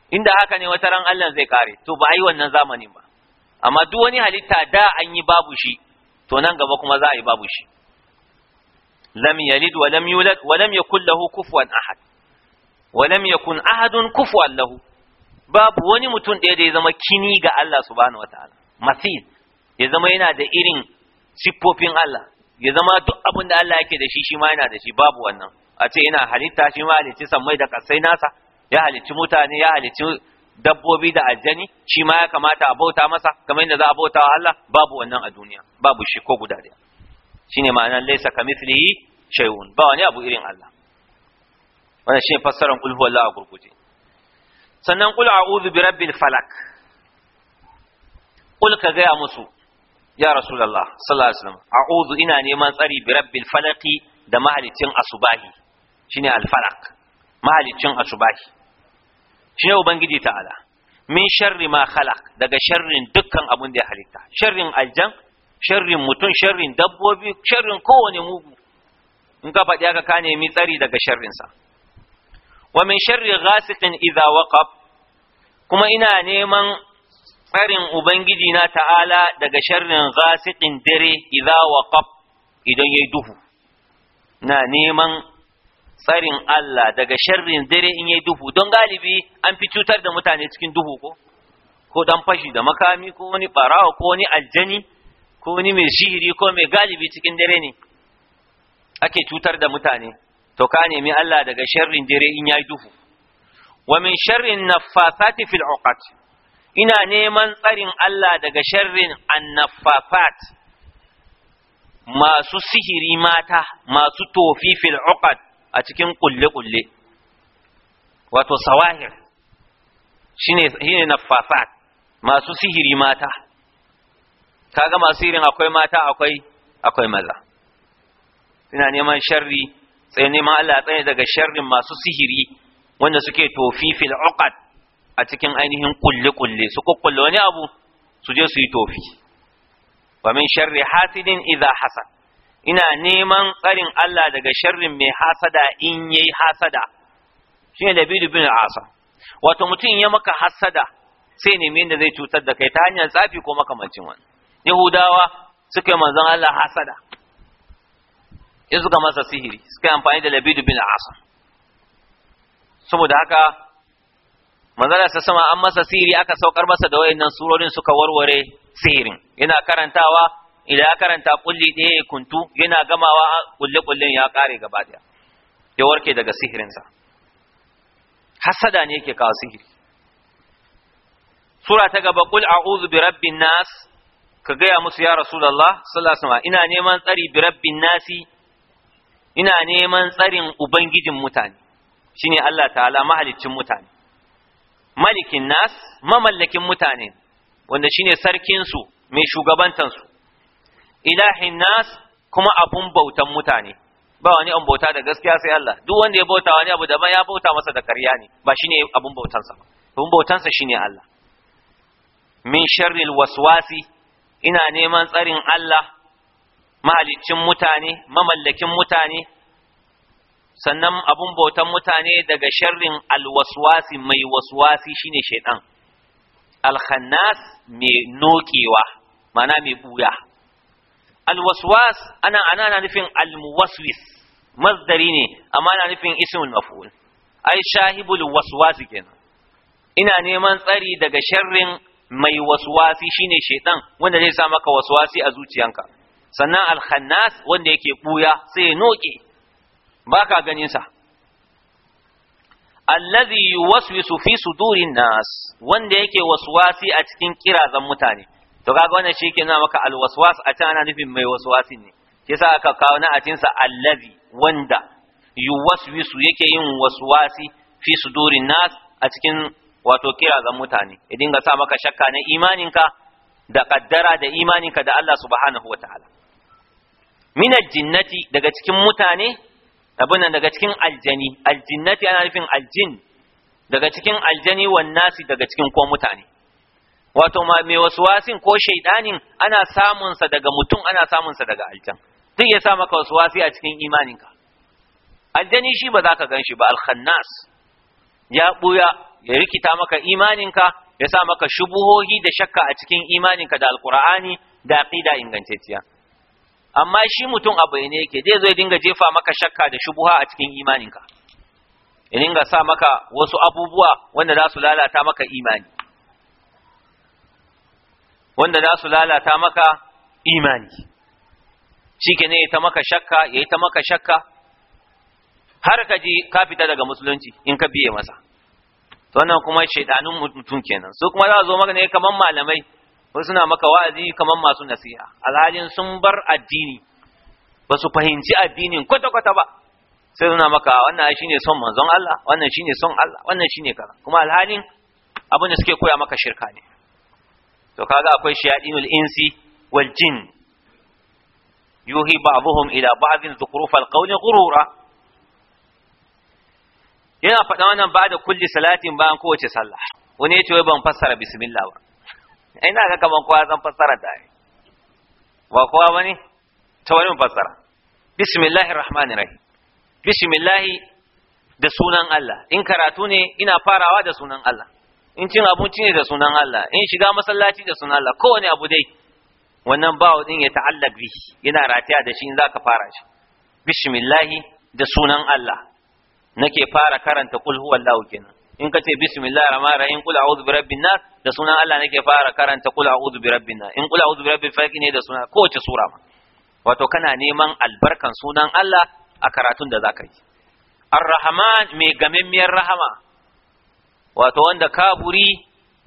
inda haka ne wata ran Allah zai kare to ba ai wannan zamanin ba amma duk wani halitta da an yi babu shi to nan gaba kuma za a yi babu shi lam yalid wa lam yulad wa lam yakul lahu kufuwan ahad wa lam yakun ahadun kufuwan lahu babu wani mutum ɗaya da ya zama kini ga Allah subhanahu wataala masil ya zama yana da irin siffofin Allah ya zama duk abin da Allah yake da shi shi ma yana da shi babu wannan a ce yana halitta shi ma halicci sammai da kasai nasa ya halicci mutane ya halicci dabbobi da aljani shi ma ya kamata a bauta masa kamar yadda za a bauta wa Allah babu wannan a duniya babu shi ko guda ɗaya shine ma'anar laysa kamithlihi shay'un ba wani abu irin Allah wannan shine fassarar kul huwallahu a gurguje sannan kul a'udhu bi rabbil falak kul ka gaya musu ya rasulullah sallallahu alaihi wasallam a'udhu ina neman tsari bi rabbil falaki da mahalicin asubahi shine al falaq mahalicin asubahi shine ubangiji ta'ala min sharri ma khalaq daga sharrin dukkan abun da ya halitta sharrin aljan sharrin mutum sharrin dabbobi sharrin kowane mugu in ka faɗi haka ka nemi tsari daga sharrinsa wa min sharri ghasiqin idza waqab kuma ina neman tsarin ubangiji na ta'ala daga sharrin ghasiqin dare idza idan yayi duhu na neman tsarin Allah daga sharrin dare in yayi duhu don galibi an fi cutar da mutane cikin duhu ko ko dan fashi da makami ko wani barawo, ko wani aljani ko wani mai shiri, ko mai galibi cikin dare ne ake cutar da mutane to ka nemi Allah daga sharrin dare in yayi duhu wa min sharrin nafasati fil ina neman tsarin Allah daga sharrin annafafat masu sihiri mata masu tofifin uqad a cikin kulle-kulle wato sawahir shine shine naffafat masu sihiri mata kaga masu sihirin akwai mata akwai akwai maza ina neman sharri sai neman Allah tsaye daga sharrin masu sihiri wanda suke tofifin uqad a cikin ainihin kulle-kulle su kukkulle wani abu su je su yi tofi wa min sharri hasidin idza hasad ina neman tsarin Allah daga sharrin mai hasada in yayi hasada da labidu bin asa wato mutum ya maka hasada sai nemi da zai cutar da kai ta hanyar tsafi ko makamancin wani yahudawa suka yi manzon Allah hasada in suka masa sihiri suka yi amfani da labidu bin asa saboda haka manzala sa sama an masa sihiri aka saukar masa da wayannan surorin suka warware sihirin yana karantawa idan ya karanta kulli ɗaya ya kuntu yana gamawa kulle kullen ya kare gaba daya ya warke daga sihirinsa hasada ne yake kawo sihiri sura ta gaba qul a'udhu bi rabbin nas ka gaya musu ya rasulullah sallallahu alaihi ina neman tsari bi rabbin nasi ina neman tsarin ubangijin mutane shine Allah ta'ala mahaliccin mutane malikin nas mamallakin mutane wanda shine sarkinsu mai shugabantansu ilahin nas kuma abun bautan mutane ba wani an bauta da gaskiya sai Allah duk wanda ya bauta wani abu daban ya bauta masa da karya ne ba shine abun bautansa ba abun bautansa shine Allah min sharril waswasi ina neman tsarin Allah mahaliccin mutane mamallakin mutane sannan abun bautan mutane daga sharrin alwaswasi mai waswasi shine shaidan alkhannas mai nokewa mana mai buya alwaswas ana ana nufin almuwaswis masdari ne amma ana nufin ismul maf'ul ai shahibul waswas kenan ina neman tsari daga sharrin mai waswasi shine shaidan wanda zai sa maka waswasi a zuciyanka sannan alkhannas wanda yake buya sai ya noke ba ka ganin sa allazi yuwaswisu fi sudurin nas wanda yake waswasi a cikin kirazan mutane to kaga wannan shi ke nuna maka alwaswas a can nufin mai waswasin ne sa aka kawo na atin sa allazi wanda yuwaswisu yake yin waswasi fi sudurin nas a cikin wato kirazan mutane ya dinga sa maka shakka na imaninka da kaddara da imaninka da Allah subhanahu wataala min jinnati daga cikin mutane abin nan daga cikin aljani aljinnati ana nufin aljin daga cikin aljani wan nasi daga cikin ko mutane wato ma mai waswasin ko shaidanin ana samun sa daga mutum ana samun sa daga aljan duk ya sa maka waswasi a cikin imaninka aljani shi ba za ka gan shi ba alkhannas ya buya ya rikita maka imaninka ya sa maka shubuhohi da shakka a cikin imaninka da alqur'ani da aqida ingantacciya amma shi mutum a bayyane yake zai zo ya dinga jefa maka shakka da shubuha a cikin imaninka ya dinga sa maka wasu abubuwa wanda za su lalata maka imani wanda za su lalata maka imani shi ne ya ta maka shakka ya yi ta maka shakka har ka ji ka fita daga musulunci in ka biye masa wannan kuma shaidanun mutum kenan su kuma za zo maka ne kamar malamai wasu suna maka wa'azi kamar masu nasiha alhalin sun bar addini ba su fahimci addinin kwata-kwata ba sai suna maka wannan shi ne son manzon Allah wannan shi ne son Allah wannan shi ne kaza kuma alhalin abin da suke koya maka shirka ne to kaga akwai shayadinul insi wal jin yuhi ba'dhum ila ba'dhin zukhrufal qawli ghurura yana faɗa wannan ba da kulli salatin bayan kowace sallah wani yace ce ban fassara bismillah ba ina ga kaman kowa zan fassara ta ne ba kowa bane ta wani fassara bismillahir rahmanir rahim bismillahi da sunan Allah in karatu ne ina farawa da sunan Allah in cin abinci ne da sunan Allah in shiga masallaci da sunan Allah kowane abu dai wannan bawo din ya ta'allaq bi yana rataya da shi in zaka fara shi bismillahi da sunan Allah nake fara karanta kul huwallahu kenan in ka ce bismillah rahmanir rahim qul a'udhu rabbin nas da sunan Allah nake fara karanta qul a'udhu rabbin nas in qul a'udhu birabbil falaq ne da sunan kowace sura ma wato kana neman albarkan sunan Allah a karatun da zaka yi ar-rahman mai gamimmiyar rahama wato wanda kaburi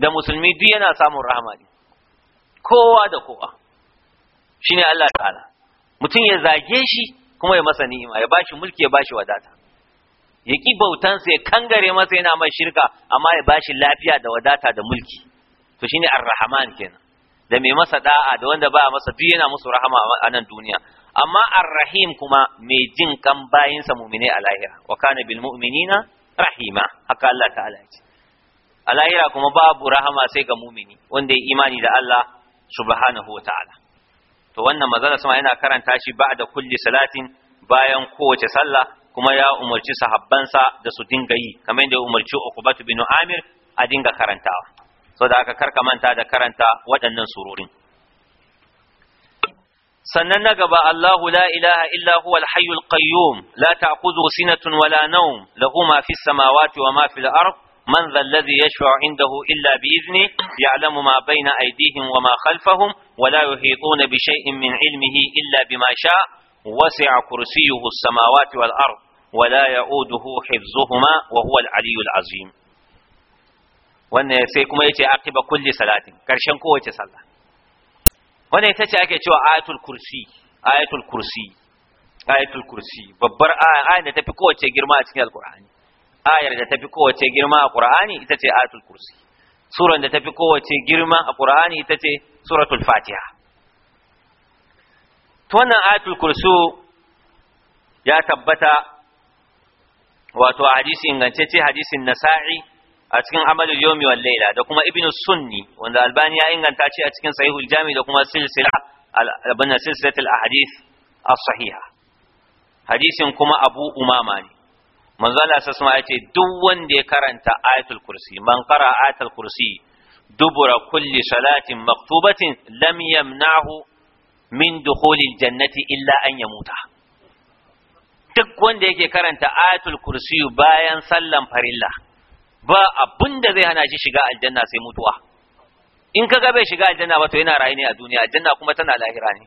da musulmi duk yana samun rahama ne kowa da kowa shine Allah ta'ala mutum ya zage shi kuma ya masa ni'ima ya bashi mulki ya bashi wadata ya ƙi bautansa ya kangare masa yana mai shirka amma ya bashi lafiya da wadata da mulki to shine arrahman kenan da mai masa da'a da wanda ba masa duk yana musu rahama a nan duniya amma arrahim kuma mai jin kan sa mu'mine a lahira wa kana bil mu'minina rahima haka Allah ta'ala ya ce a lahira kuma babu rahama sai ga mu'mini wanda ya imani da Allah subhanahu wa ta'ala to wannan manzon sama yana karanta shi ba'da kulli salatin bayan kowace sallah kuma ya umarci sahabbansa da su dinga yi kamar yadda ya umarci Uqbat bin Amir a dinga karantawa so da aka karka manta da karanta waɗannan sururin sannan na gaba Allahu la ilaha illa huwa al-hayyul qayyum la ta'khudhuhu sinatun wala nawm lahu ma fis samawati wa ma fil ardh indahu illa bi idhni ya'lamu ma bayna aydihim ما بين أيديهم وما خلفهم ولا يحيطون بشيء من علمه إلا بما شاء وسع كرسيه السماوات والأرض ولا يعوده حفظهما وهو العلي العظيم wannan sai kuma yace aqiba kulli salatin karshen kowace sallah wannan ita ce ake cewa ayatul kursi ayatul kursi ayatul kursi babbar aya ayar da tafi kowace girma a cikin alqur'ani ayar da tafi kowace girma a qur'ani ita ce ayatul kursi suran da tafi kowace girma a qur'ani ita ce suratul fatiha to wannan ayatul kursu ya tabbata wato a hadisi ingantacce hadisin nasa'i a cikin amalul yawmi wal laila da kuma ibnu sunni wanda albani ya inganta shi a cikin sahihul jami da kuma silsila abin silsilatul ahadith as-sahiha hadisin kuma abu umama ne manzo Allah sai ya ce duk wanda ya karanta ayatul kursi man qara ayatul kursi dubura kulli salatin maktubatin lam yamnahu min dukhulil jannati illa an yamuta duk wanda yake karanta ayatul kursiyu bayan sallan farilla ba abun zai hana shi shiga aljanna sai mutuwa in ka ga bai shiga aljanna ba to yana rayu ne a duniya aljanna kuma tana lahira ne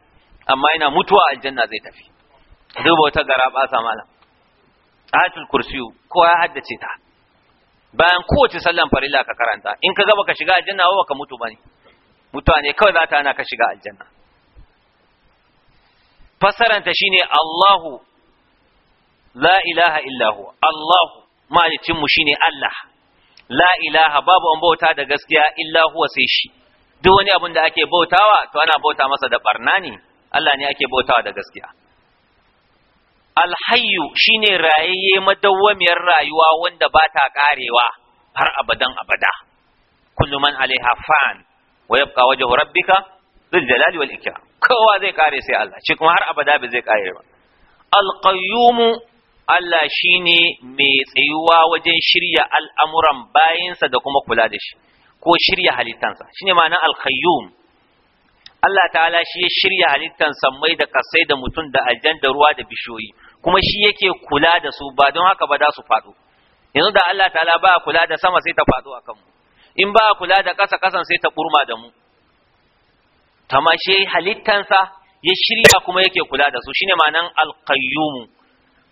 amma yana mutuwa aljanna zai tafi duba wata gara ba sa malam ayatul kursiyu ko ya haddace ta bayan kowace sallan farilla ka karanta in ka ga baka shiga aljanna ba baka mutu bane mutuwa ne kawai za ta hana ka shiga aljanna fassaranta shine Allahu la ilaha illahu Allahu mu shine Allah la ilaha babu an bauta da gaskiya illa sai shi duk wani abin da ake bautawa to ana bauta masa da barna ne Allah ne ake bautawa da gaskiya alhayyu shine rayayye madawwamiyar rayuwa wanda ba ta karewa har abadan abada kullu man alaiha fan wa yabqa wajhu rabbika dhul jalali wal ikram kowa zai kare sai Allah shi kuma har abada ba zai kare ba alqayyum Allah shi ne mai tsayuwa wajen shirya al'amuran bayansa da kuma kula da shi ko shirya halittansa Shi ma'anar al Allah ta'ala shi ya shirya halittan mai da kasai da mutum da aljan da ruwa da bishiyoyi kuma shi yake kula da su ba don haka ba za su faɗo yanzu da Allah ta'ala ba kula da sama sai ta faɗo a kanmu in ba kula da ƙasa ƙasan sai ta ɓurma da mu tamashe halittansa ya shirya kuma yake kula da su shi ne ma'anan alqayyum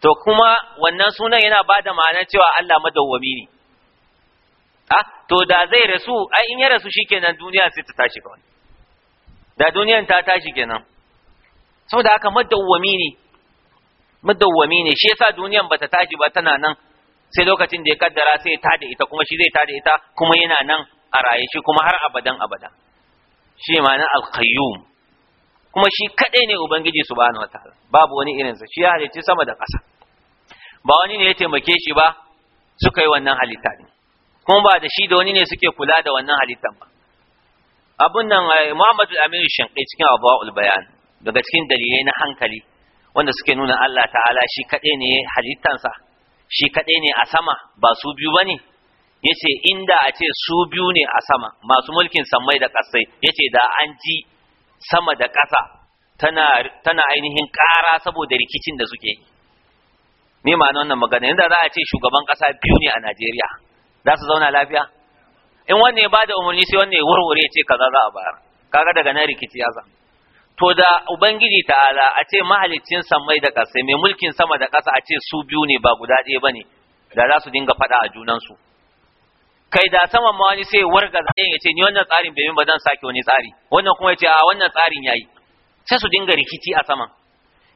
to kuma wannan sunan yana ba da ma'anar cewa Allah madawwami ne ah to da zai rasu ai in ya rasu shikenan duniya sai ta tashi kawai da duniyan ta tashi kenan saboda haka madawwami ne madawwami ne shi yasa duniyan bata tashi ba tana nan sai lokacin da ya kaddara sai ta da ita kuma shi zai ta da ita kuma yana nan a raye shi kuma har abadan abada shi ma'ana al-qayyum kuma shi kaɗai ne ubangiji subhanahu ta'ala babu wani irinsa shi ya halitta sama da ƙasa ba wani ne ya taimake shi ba suka yi wannan halitta ne kuma ba da shi da wani ne suke kula da wannan halittan ba abun nan eh, Muhammadu Aminu Shinqi cikin Abwaul Bayan daga cikin dalilai na hankali wanda suke nuna Allah ta'ala shi kadai ne halittansa shi kaɗai ne a sama ba su biyu bane yace inda a ce su biyu ne a sama masu mulkin samai da ƙasai yace da an ji sama da ƙasa tana tana ainihin ƙara saboda rikicin da suke me ma'ana wannan magana yanda za a ce shugaban ƙasa biyu ne a Najeriya za su zauna lafiya in wanne ya bada umarni sai wanne ya warware ya ce kaza za a bayar kaga daga nan rikici ya zama to da ubangiji ta'ala a ce mahaliccin samai da ƙasa mai mulkin sama da ƙasa a ce su biyu ne ba guda ɗaya bane da za su dinga faɗa a junansu kai da saman ma wani sai warga zai ya ce ni wannan tsarin bai min ba zan sake wani tsari wannan kuma ya ce a wannan tsarin yayi sai su dinga rikici a saman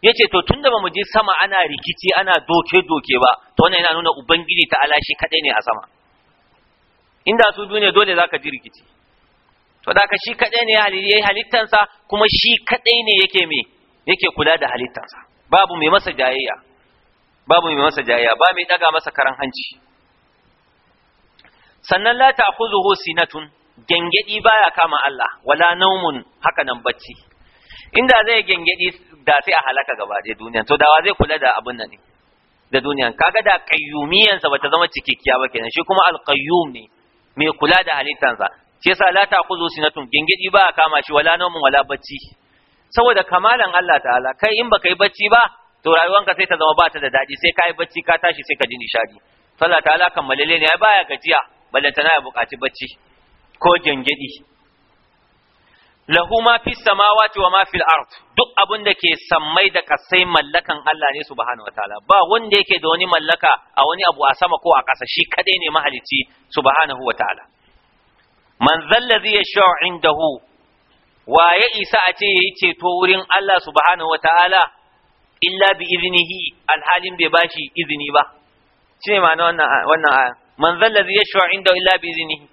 yace to tunda ba mu je sama ana rikici ana doke doke ba to wannan yana nuna ubangiji ta ala shi ne a sama inda su duniya dole zaka ji rikici to da ka shi kadai ne ya yi halittansa kuma shi kadai ne yake me yake kula da halittansa babu mai masa jayayya babu mai masa jayayya ba mai daga masa karan hanci sannan la ta'khuzuhu sinatun gengedi baya kama Allah wala naumun haka nan bacci inda zai gengedi da sai a halaka gaba da duniya to wa zai kula da abin nan ne da duniya kaga da sa bata zama cikikkiya ba kenan shi kuma al ne mai kula da halittansa shi yasa la ta'khuzu sinatun gengedi baya kama shi wala naumun wala bacci saboda kamalan Allah ta'ala kai in baka yi bacci ba to rayuwanka sai ta zama ba da daɗi sai ka yi bacci ka tashi sai ka ji nishadi sallah ta'ala kammalele ne ai baya gajiya ballantana ya buƙaci bacci ko gyangyaɗi lahu ma fi samawati wa ma fil ard duk abin da ke sammai da kasai mallakan Allah ne subhanahu wataala ba wanda yake da wani mallaka a wani abu a sama ko a ƙasa shi kadai ne mahalici subhanahu wataala man zallazi yashau indahu wa ya isa a ce yayi ceto wurin Allah subhanahu wataala illa bi iznihi alhalin bai bashi izini ba ne ma'ana wannan wannan aya man zallazi ya shuwa inda illa bi izinihi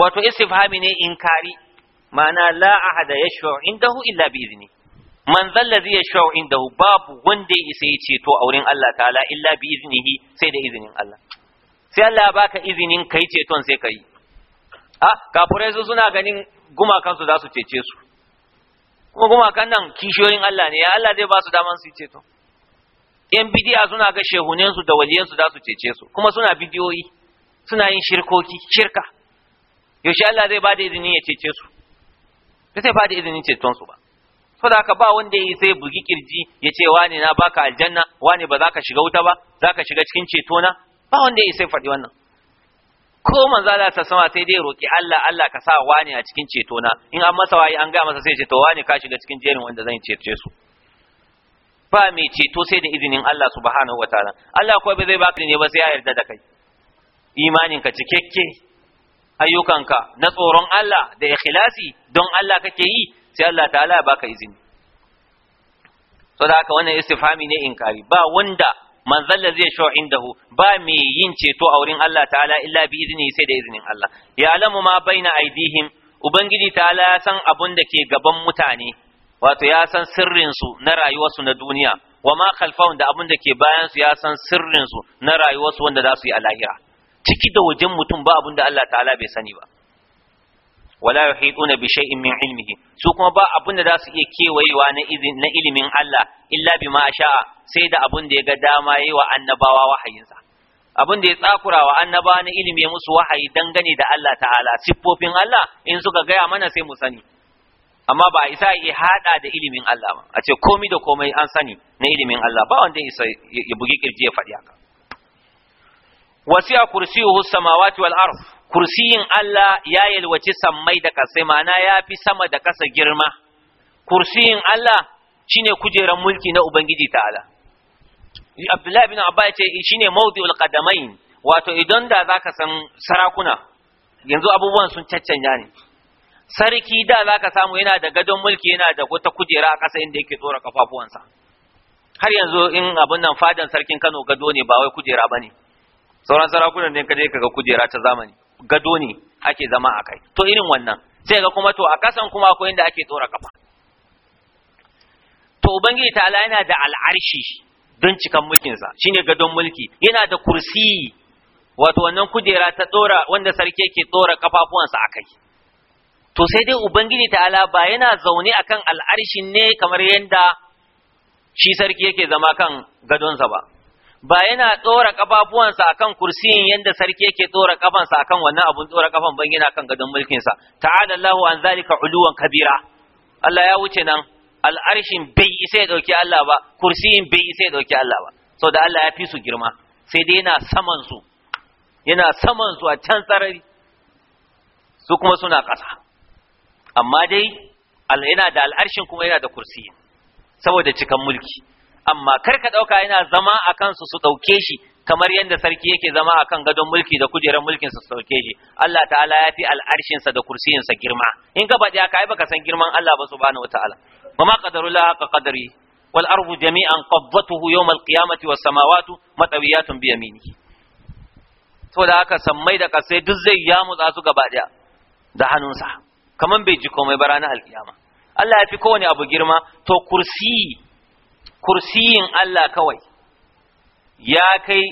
wato istifhami ne inkari ma'ana la ahada ya shuwa indahu illa bi izini man zallazi ya shuwa indahu babu wanda ya isa ya ceto a wurin Allah ta'ala illa bi izinihi sai da izinin Allah sai Allah baka izinin kai ceton sai kai a ah, kafurai su suna ganin gumakan su za su cece su kuma gumakan nan kishiyoyin Allah ne ya Allah zai ba su daman su yi ceto yan bidiya suna ga shehunensu da waliyansu za su cece su kuma suna bidiyoyi suna yin shirkoki shirka yaushe Allah zai ba da izinin ya cece su ba zai bada izinin ceton su ba da aka ba wanda yi sai bugi kirji ya ce ne na baka aljanna ne ba za ka shiga wuta ba za ka shiga cikin cetona ba wanda yi sai faɗi wannan ko manzo Allah ta sama sai dai roki Allah Allah ka sa wane a cikin cetona in an masa wayi an gaya masa sai ce to ne ka shiga cikin jerin wanda zan cece su ba mai ceto sai da izinin Allah subhanahu wataala Allah ko bai zai baka ne ba sai ya yarda da kai imanin ka cikakke ayyukanka na tsoron Allah da ikhlasi don Allah kake yi sai Allah ta'ala ya baka izini saboda haka wannan istifhami ne inkari ba wanda manzon da zai shau indahu ba mai yin ceto a wurin Allah ta'ala illa bi izini sai da izinin Allah ya alamu ma baina aidihim ubangiji ta'ala ya san abun da ke gaban mutane wato ya san sirrinsu na rayuwarsu na duniya wa ma khalfahum da abin da ke bayan su ya san sirrinsu na rayuwarsu wanda za su yi a lahira ciki da wajen mutum ba abin da Allah ta'ala bai sani ba wala yuhituna bi shay'in min ilmihi su kuma ba abin da za su iya kewayewa na na ilimin Allah illa bima sha'a sai da abin da ya ga dama yayi wa annabawa wahayinsa abin da ya tsakura wa annabawa na ilimi musu wahayi dangane da Allah ta'ala siffofin Allah in suka gaya mana sai mu sani amma ba a isa ya hada da ilimin Allah ba a ce komai da komai an sani na ilimin Allah ba wanda isa ya bugi kirji ya faɗi haka wasi'a kursiyuhu samawati wal ard kursiyin Allah ya yalwaci sammai da kasai ma'ana ya fi sama da kasa girma kursiyin Allah shine kujeran mulki na ubangiji ta'ala Abdullahi bin Abba ya ce shine mawdi'ul qadamain wato idan da zaka san sarakuna yanzu abubuwan sun caccanya ne sarki da za ka samu yana da gadon mulki yana da wata kujera a ƙasa inda yake tsora kafafuwansa har yanzu in abin nan fadan sarkin kano gado ne ba wai kujera ba ne sauran sarakunan ne kaje kaga kujera ta zamani gado ne ake zama a kai to irin wannan sai ga kuma to a ƙasan kuma akwai inda ake tsora kafa to ubangiji ta'ala yana da al'arshi don cikan mulkinsa shine gadon mulki yana da kursi wato wannan kujera ta tsora wanda sarki yake tsora kafafuwansa a kai to sai dai ubangiji ta'ala ba yana zaune akan al'arshin ne kamar yadda shi sarki yake zama kan gadonsa ba ba yana tsora kafafuwansa akan kursiyin yadda sarki yake tsora kafansa akan wannan abun tsora kafan ban yana kan gadon mulkinsa ta'ala Allahu an zalika uluwan kabira Allah ya wuce nan al'arshin bai isa ya dauki Allah ba kursiyin bai isa ya dauki Allah ba da Allah ya fi su girma sai dai yana saman su yana saman su a can sarari su kuma suna ƙasa amma dai yana da al'arshin kuma yana da kursi saboda cikan mulki amma kar ka ɗauka yana zama a kansu su ɗauke shi kamar yadda sarki yake zama a kan gadon mulki da kujerar mulkin su ɗauke shi Allah ta'ala ya fi al'arshinsa da kursiyinsa girma in ka faɗi haka yi baka san girman Allah ba subhanahu wa ta'ala ba ma la ka qadari wal ardu jami'an qabdatuhu yawm al qiyamati was samawati matawiyatun bi to saboda haka sammai da kasai duk zai yamutsa su gaba da hannunsa kaman bai ji komai ba ranar alkiyama Allah ya fi kowane abu girma to kursi kursiyin Allah kawai ya kai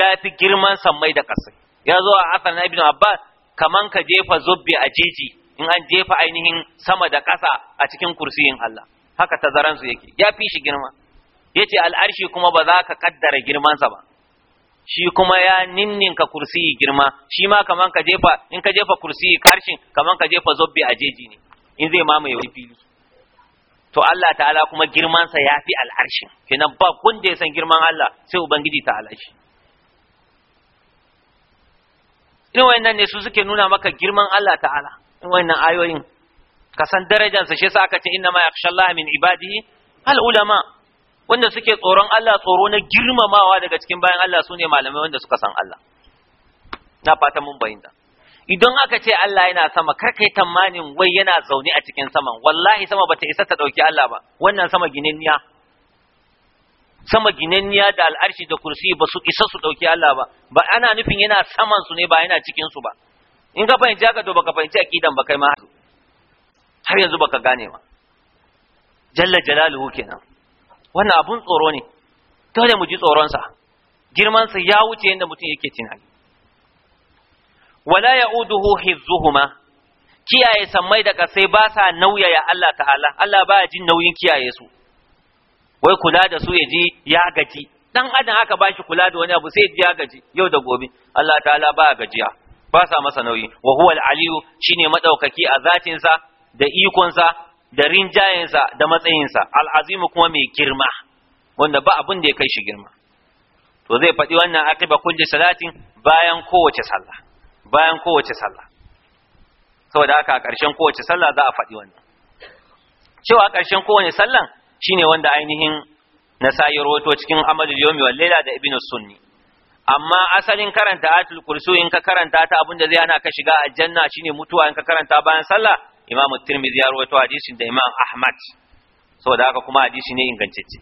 ya fi girman sammai da kasai ya zo a asar na ibn abbas kaman ka jefa zubbi a jeji in an jefa ainihin sama da ƙasa a cikin kursiyin Allah haka tazaransu yake ya fi shi girma yace al'arshi kuma ba za ka kaddara girmansa ba shi kuma ya ninninka kursiyi girma shi ma kaman ka jefa in ka jefa kursiyi karshen kaman ka jefa zobbe a jeji ne in zai mamaye wani fili to Allah ta'ala kuma girmansa ya fi al'arshin kenan ba wanda ya san girman Allah sai ubangiji ta al'arshi in wayannan ne su suke nuna maka girman Allah ta'ala in wayannan ayoyin ka san darajarsa shi yasa aka ce inna ma yakhshallaha min ibadihi al ulama wanda suke tsoron Allah tsoro na girmamawa daga cikin bayan Allah su ne malamai wanda suka san Allah na fata mun bayyana idan aka ce Allah yana sama kar kai tamanin wai yana zaune a cikin saman wallahi sama bata isa ta dauki Allah ba wannan sama ginenniya sama ginenniya da al'arshi da kursi ba su isa su dauki Allah ba ba ana nufin yana saman su ne ba yana cikin su ba in ka fahimci haka to baka fahimci akidan ba kai ma har yanzu baka gane ba jalla jalaluhu kenan wannan abun tsoro ne dole mu ji tsoronsa girmansa ya wuce yadda mutum yake tunani wala ya ya'uduhu hifzuhuma kiyaye sammai da kasai ba sa nauyaya Allah ta'ala Allah ba jin nauyin kiyaye su wai kula da su ya ya gaji dan adam aka bashi kula da wani abu sai ya gaji yau da gobe Allah ta'ala ba gajiya ba sa masa nauyi wa huwa al-aliyu shine madaukaki a zatinsa da ikonsa. da rinjayensa da matsayinsa al'azimu kuma mai girma wanda ba abin da ya kai shi girma to zai faɗi wannan akiba kulli salatin bayan kowace sallah bayan kowace sallah saboda haka a ƙarshen kowace sallah za a faɗi wannan cewa ƙarshen kowace sallan shine wanda ainihin nasayi rawato cikin amalul yawmi wal laila da ibnu sunni amma asalin karanta atul kursu in ka karanta ta abin zai hana ka shiga aljanna shine mutuwa in ka karanta bayan sallah imam tirmidhi ya rawaito hadisin da imam ahmad saboda haka kuma hadisi ne ingantacce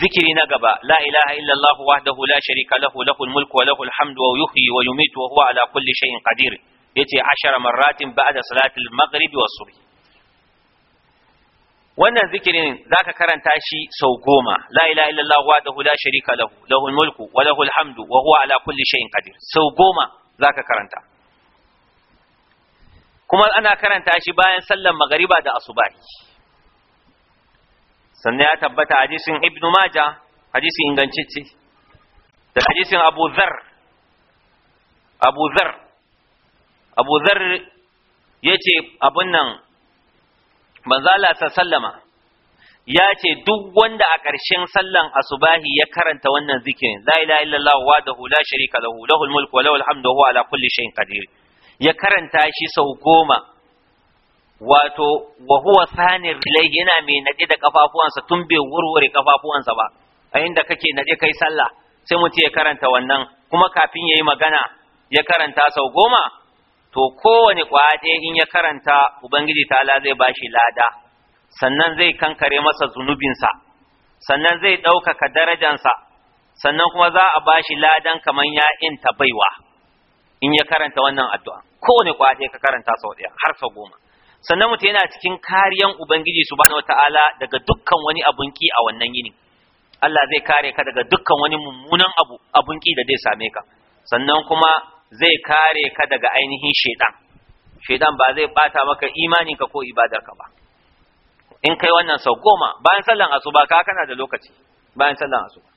zikiri na gaba la ilaha illallah wahdahu la sharika lahu lahul mulku wa lahul hamdu wa yuhyi wa yumitu wa huwa ala kulli shay'in qadir yace 10 marratin ba'da salatil maghrib wa subh wannan zikirin zaka karanta shi sau goma la ilaha illallah wahdahu la sharika lahu lahul mulku wa lahul hamdu wa huwa ala kulli shay'in qadir sau goma zaka karanta kuma ana karanta shi bayan sallan magariba da asubahi sannan ya tabbata hadisin ibn maja hadisi ingancicce da hadisin abu zar abu zar abu zar ya ce abin nan manzala sa sallama ya ce duk wanda a ƙarshen sallan asubahi ya karanta wannan zikirin la ilaha illallah wa da hula sharika lahu lahul mulku wa lahul hamdu wa ala kulli shay'in qadir ya karanta shi sau goma wato wa huwa sanir rilai yana mai naɗe da kafafuwansa tun bai wurware kafafuwansa ba a inda kake naɗe kai sallah sai mutum ya karanta wannan kuma kafin ya yi magana ya karanta sau goma to kowane kwaje in ya karanta ubangiji ta'ala zai ba shi lada sannan zai kankare masa zunubinsa sannan zai ɗaukaka darajansa sannan kuma za a ba shi ladan kamar ya inta baiwa in ya karanta wannan addu'a kowane kwace ka karanta sau ɗaya har sau goma sannan mutum yana cikin kariyan ubangiji subhanahu wataala daga dukkan wani abun ki a wannan yini Allah zai kare ka daga dukkan wani mummunan abu abun ki da zai same ka sannan kuma zai kare ka daga ainihin shaidan shaidan ba zai bata maka imanin ka ko ibadar ka ba in kai wannan sau goma bayan sallan asuba ka kana da lokaci bayan sallan asuba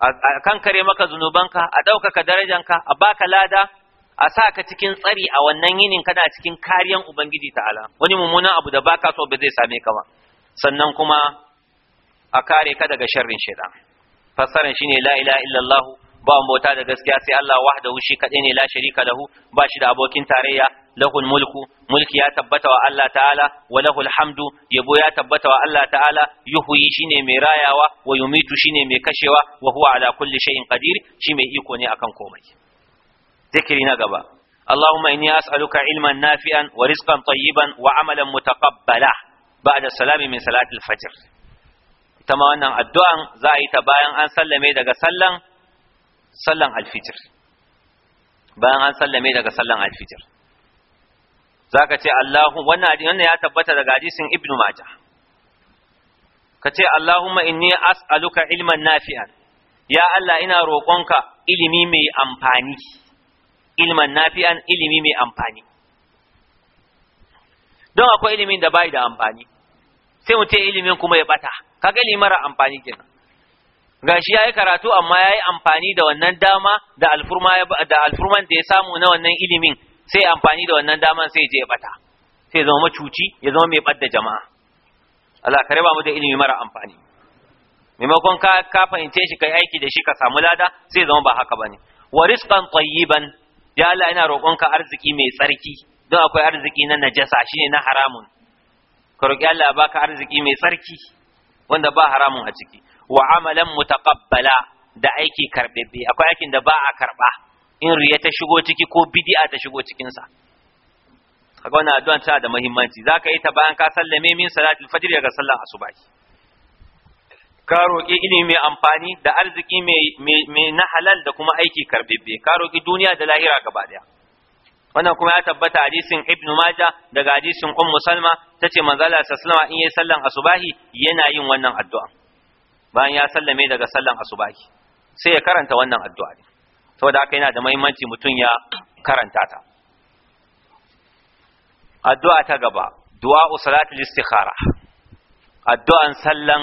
a kankare maka zunubanka a ɗaukaka darajanka a baka lada a sa ka cikin tsari a wannan yinin kana cikin kariyan ubangiji ta'ala wani mummunan abu da baka so ba zai same ka ba sannan kuma a kare ka daga sharrin shaitan fassaran shine la ilaha illallah ba mota da gaskiya sai Allah wahdahu shi kadai ne la sharika lahu ba shi da abokin tarayya lahul mulku mulki ya tabbata wa Allah ta'ala wa lahul hamdu yabo ya tabbata wa Allah ta'ala yuhyi shine mai rayawa wa yumitu shine mai kashewa wa huwa ala kulli shay'in qadir shi mai iko ne akan komai zikiri na gaba اللهم إني أسألك علما نافعا ورزقا طيبا وعملا متقبلا بعد السلام من صلاة الفجر تماما yi ta bayan أن سلمي دقا سلم sallan alfitir bayan an sallame daga sallan alfitir za ka ce Allahu wannan ya tabbata daga hadisin Ibn maja ka ce Allahumma inni as'aluka ilman nafi'an ya Allah ina roƙonka ilimi mai amfani ilman nafi'an ilimi mai amfani don akwai ilimin da bai da amfani sai mu ce ilimin kuma ya bata kaga ilimi mara amfani kenan gashi yi karatu amma yayi amfani da wannan dama da alfurma da alfurman da ya samu na wannan ilimin sai amfani da wannan daman sai je bata sai zama macuci ya zama mai badda jama'a Allah ka raba mu da ilimi mara amfani maimakon ka ka fahimce shi kai aiki da shi ka samu lada sai zama ba haka bane wa rizqan tayyiban ya Allah ina roƙonka arziki mai tsarki don akwai arziki na najasa shine na haramun ka roƙi Allah ya baka arziki mai tsarki wanda ba haramun a ciki wa amalan mutaqabbala da aiki karbebe akwai aikin da ba a karba in riya ta shigo ciki ko bid'a ta shigo cikin sa kaga wannan addu'a tana da muhimmanci zaka yi ta bayan ka sallame min salatul fajr daga sallar asubahi ka roƙi ilimi mai amfani da arziki mai na halal da kuma aiki karbebe ka roƙi duniya da lahira gaba daya wannan kuma ya tabbata hadisin ibn maja daga hadisin ummu salma tace manzo Allah sallallahu alaihi wasallam in yi sallan asubahi yana yin wannan addu'a bayan ya sallame daga sallan ki sai ya karanta wannan addu'a ne saboda haka yana da muhimmanci mutum ya karanta ta addu'a ta gaba du'a salatul istikhara addu'an sallan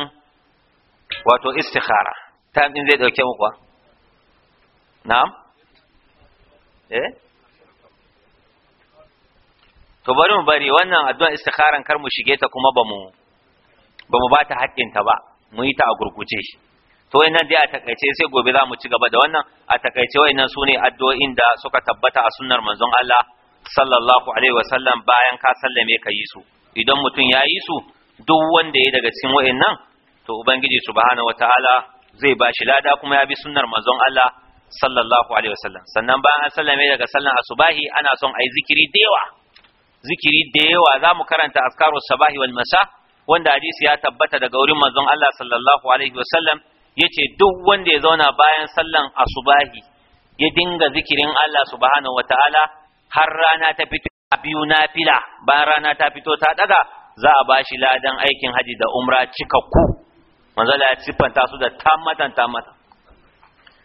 wato istikhara ta din zai dauke muku na'am eh to bari mu bari wannan addu'an istikharan kar mu shige ta kuma ba mu ba mu ba ta haƙƙinta ba mun yi ta a gurguje shi to wannan dai a takaice sai gobe za mu ci gaba da wannan a takaice wayannan sune addu'o'in da suka tabbata a sunnar manzon Allah sallallahu alaihi wasallam bayan ka sallame ka yi su idan mutum ya yi su duk wanda ya daga cikin wayannan to ubangiji subhanahu wataala zai ba shi lada kuma ya bi sunnar manzon Allah sallallahu alaihi wasallam sannan bayan an sallame daga sallan asubahi ana son ayi zikiri da yawa zikiri da yawa za mu karanta askarus sabahi wal masa wanda hadisi ya tabbata daga wurin manzon Allah sallallahu alaihi wasallam yace duk wanda ya zauna bayan sallan asubahi ya dinga zikirin Allah subhanahu wataala har rana ta fito a biyu nafila bayan rana ta fito ta daga za a bashi ladan aikin haji da umra cikakku manzo Allah ya siffanta su da tamatan tammatan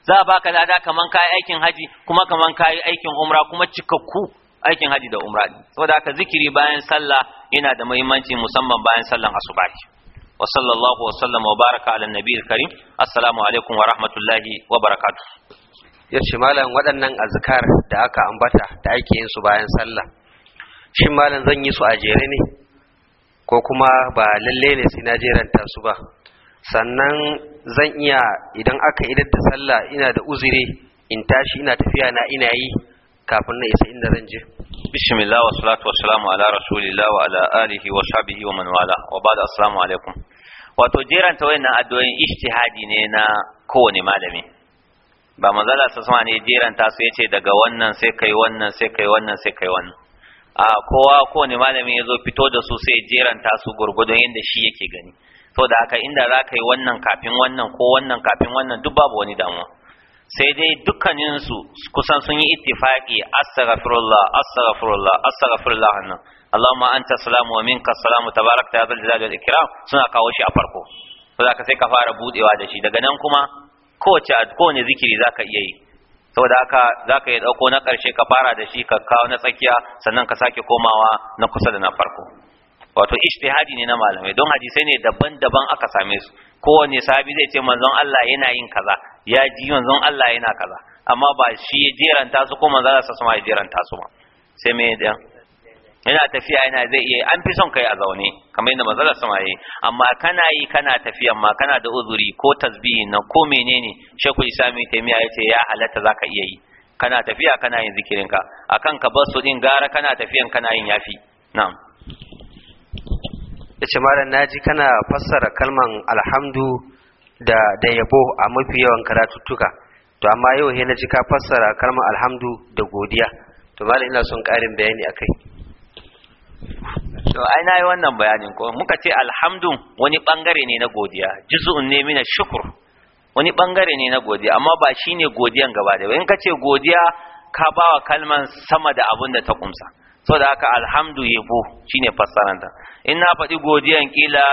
za a baka lada kaman kai aikin haji kuma kaman kai aikin umra kuma cikakku aikin haji da umra ne saboda haka zikiri bayan sallah yana da muhimmanci musamman bayan sallan asubahi wa sallallahu wa sallama wa baraka ala nabiyil karim assalamu alaikum wa rahmatullahi wa barakatuh yace malam waɗannan azkar da aka ambata da ake yin su bayan sallah shin malam zan yi su a jere ne ko kuma ba lalle ne sai na jeranta su ba sannan zan iya idan aka idar da sallah ina da uzuri in tashi ina tafiya na ina yi kafin na isa inda zan je bismillah wa salatu wa salamu ala rasulillah wa ala alihi wa sahbihi wa man wala wa ba'd assalamu alaikum wato jeran ta wayannan addu'o'in ijtihadi ne na kowane malami ba manzala sa sama ne jeran ta su yace daga wannan sai kai wannan sai kai wannan sai kai wannan a kowa kowane malami ya zo fito da su sai jeran ta su gurgudun yadda shi yake gani saboda da haka inda za ka yi wannan kafin wannan ko wannan kafin wannan duk babu wani damuwa sai dai dukkaninsu kusan sun yi ittifaqi astaghfirullah astaghfirullah astaghfirullah nan Allahumma anta salamu wa minka salamu tabarakta ya zalzala da ikram suna kawo shi a farko to zaka sai ka fara budewa da shi daga nan kuma kowace kowane zikiri zaka iya yi saboda haka zaka yi dauko na karshe ka fara da shi ka kawo na tsakiya sannan ka sake komawa na kusa da na farko wato ijtihadi ne na malamai don hadisai ne daban-daban aka same su kowane sabi zai ce manzon Allah yana yin kaza ya ji manzon Allah yana kaza amma ba shi ya jeranta su ko manzon Allah sama ya jeranta su ba sai me da yana tafiya yana zai iya an fi son kai a zaune kamar yadda manzon Allah ya yayi amma kana yi kana tafiya amma kana da uzuri ko tasbihi na ko menene sami ta taimiya yace ya halatta zaka iya yi kana tafiya kana yin zikirinka akan ka basu din gara kana tafiyan kana yin yafi na'am da ce malam naji kana fassara kalman alhamdu da da yabo a mafi yawan karatuttuka to amma yau he na ji ka fassara kalman alhamdu da godiya to malam ina son ƙarin bayani akai to ai na wannan bayanin ko muka ce alhamdu wani bangare ne na godiya juz'un ne mina shukr wani bangare ne na godiya amma ba shine godiyan gaba da in ka ce godiya ka bawa kalman sama da abun da ta kumsa so da haka alhamdu yabo shine fassaranta in na faɗi godiyan kila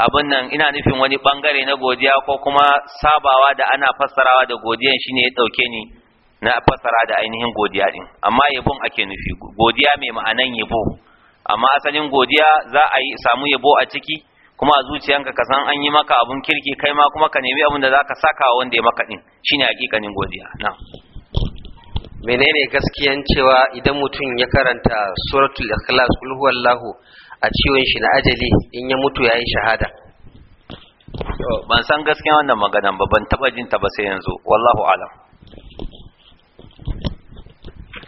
abin nan ina nufin wani bangare na godiya ko kuma sabawa da ana fassarawa da godiyan shine ya dauke ni na fassara da ainihin godiya din amma yabon ake nufi godiya mai ma'anan yabo amma asalin godiya za a yi samu yabo a ciki kuma a zuciyanka ka san an yi maka abun kirki kai ma kuma ka nemi abin da za ka saka wanda ya maka din shine hakikanin godiya na'am menene gaskiyan cewa idan mutum ya karanta suratul ikhlas kul huwallahu a ciwon shi na ajali in ya mutu yayi shahada ban san gaskiya wannan magana ba ban taba jin ta ba sai yanzu wallahu alam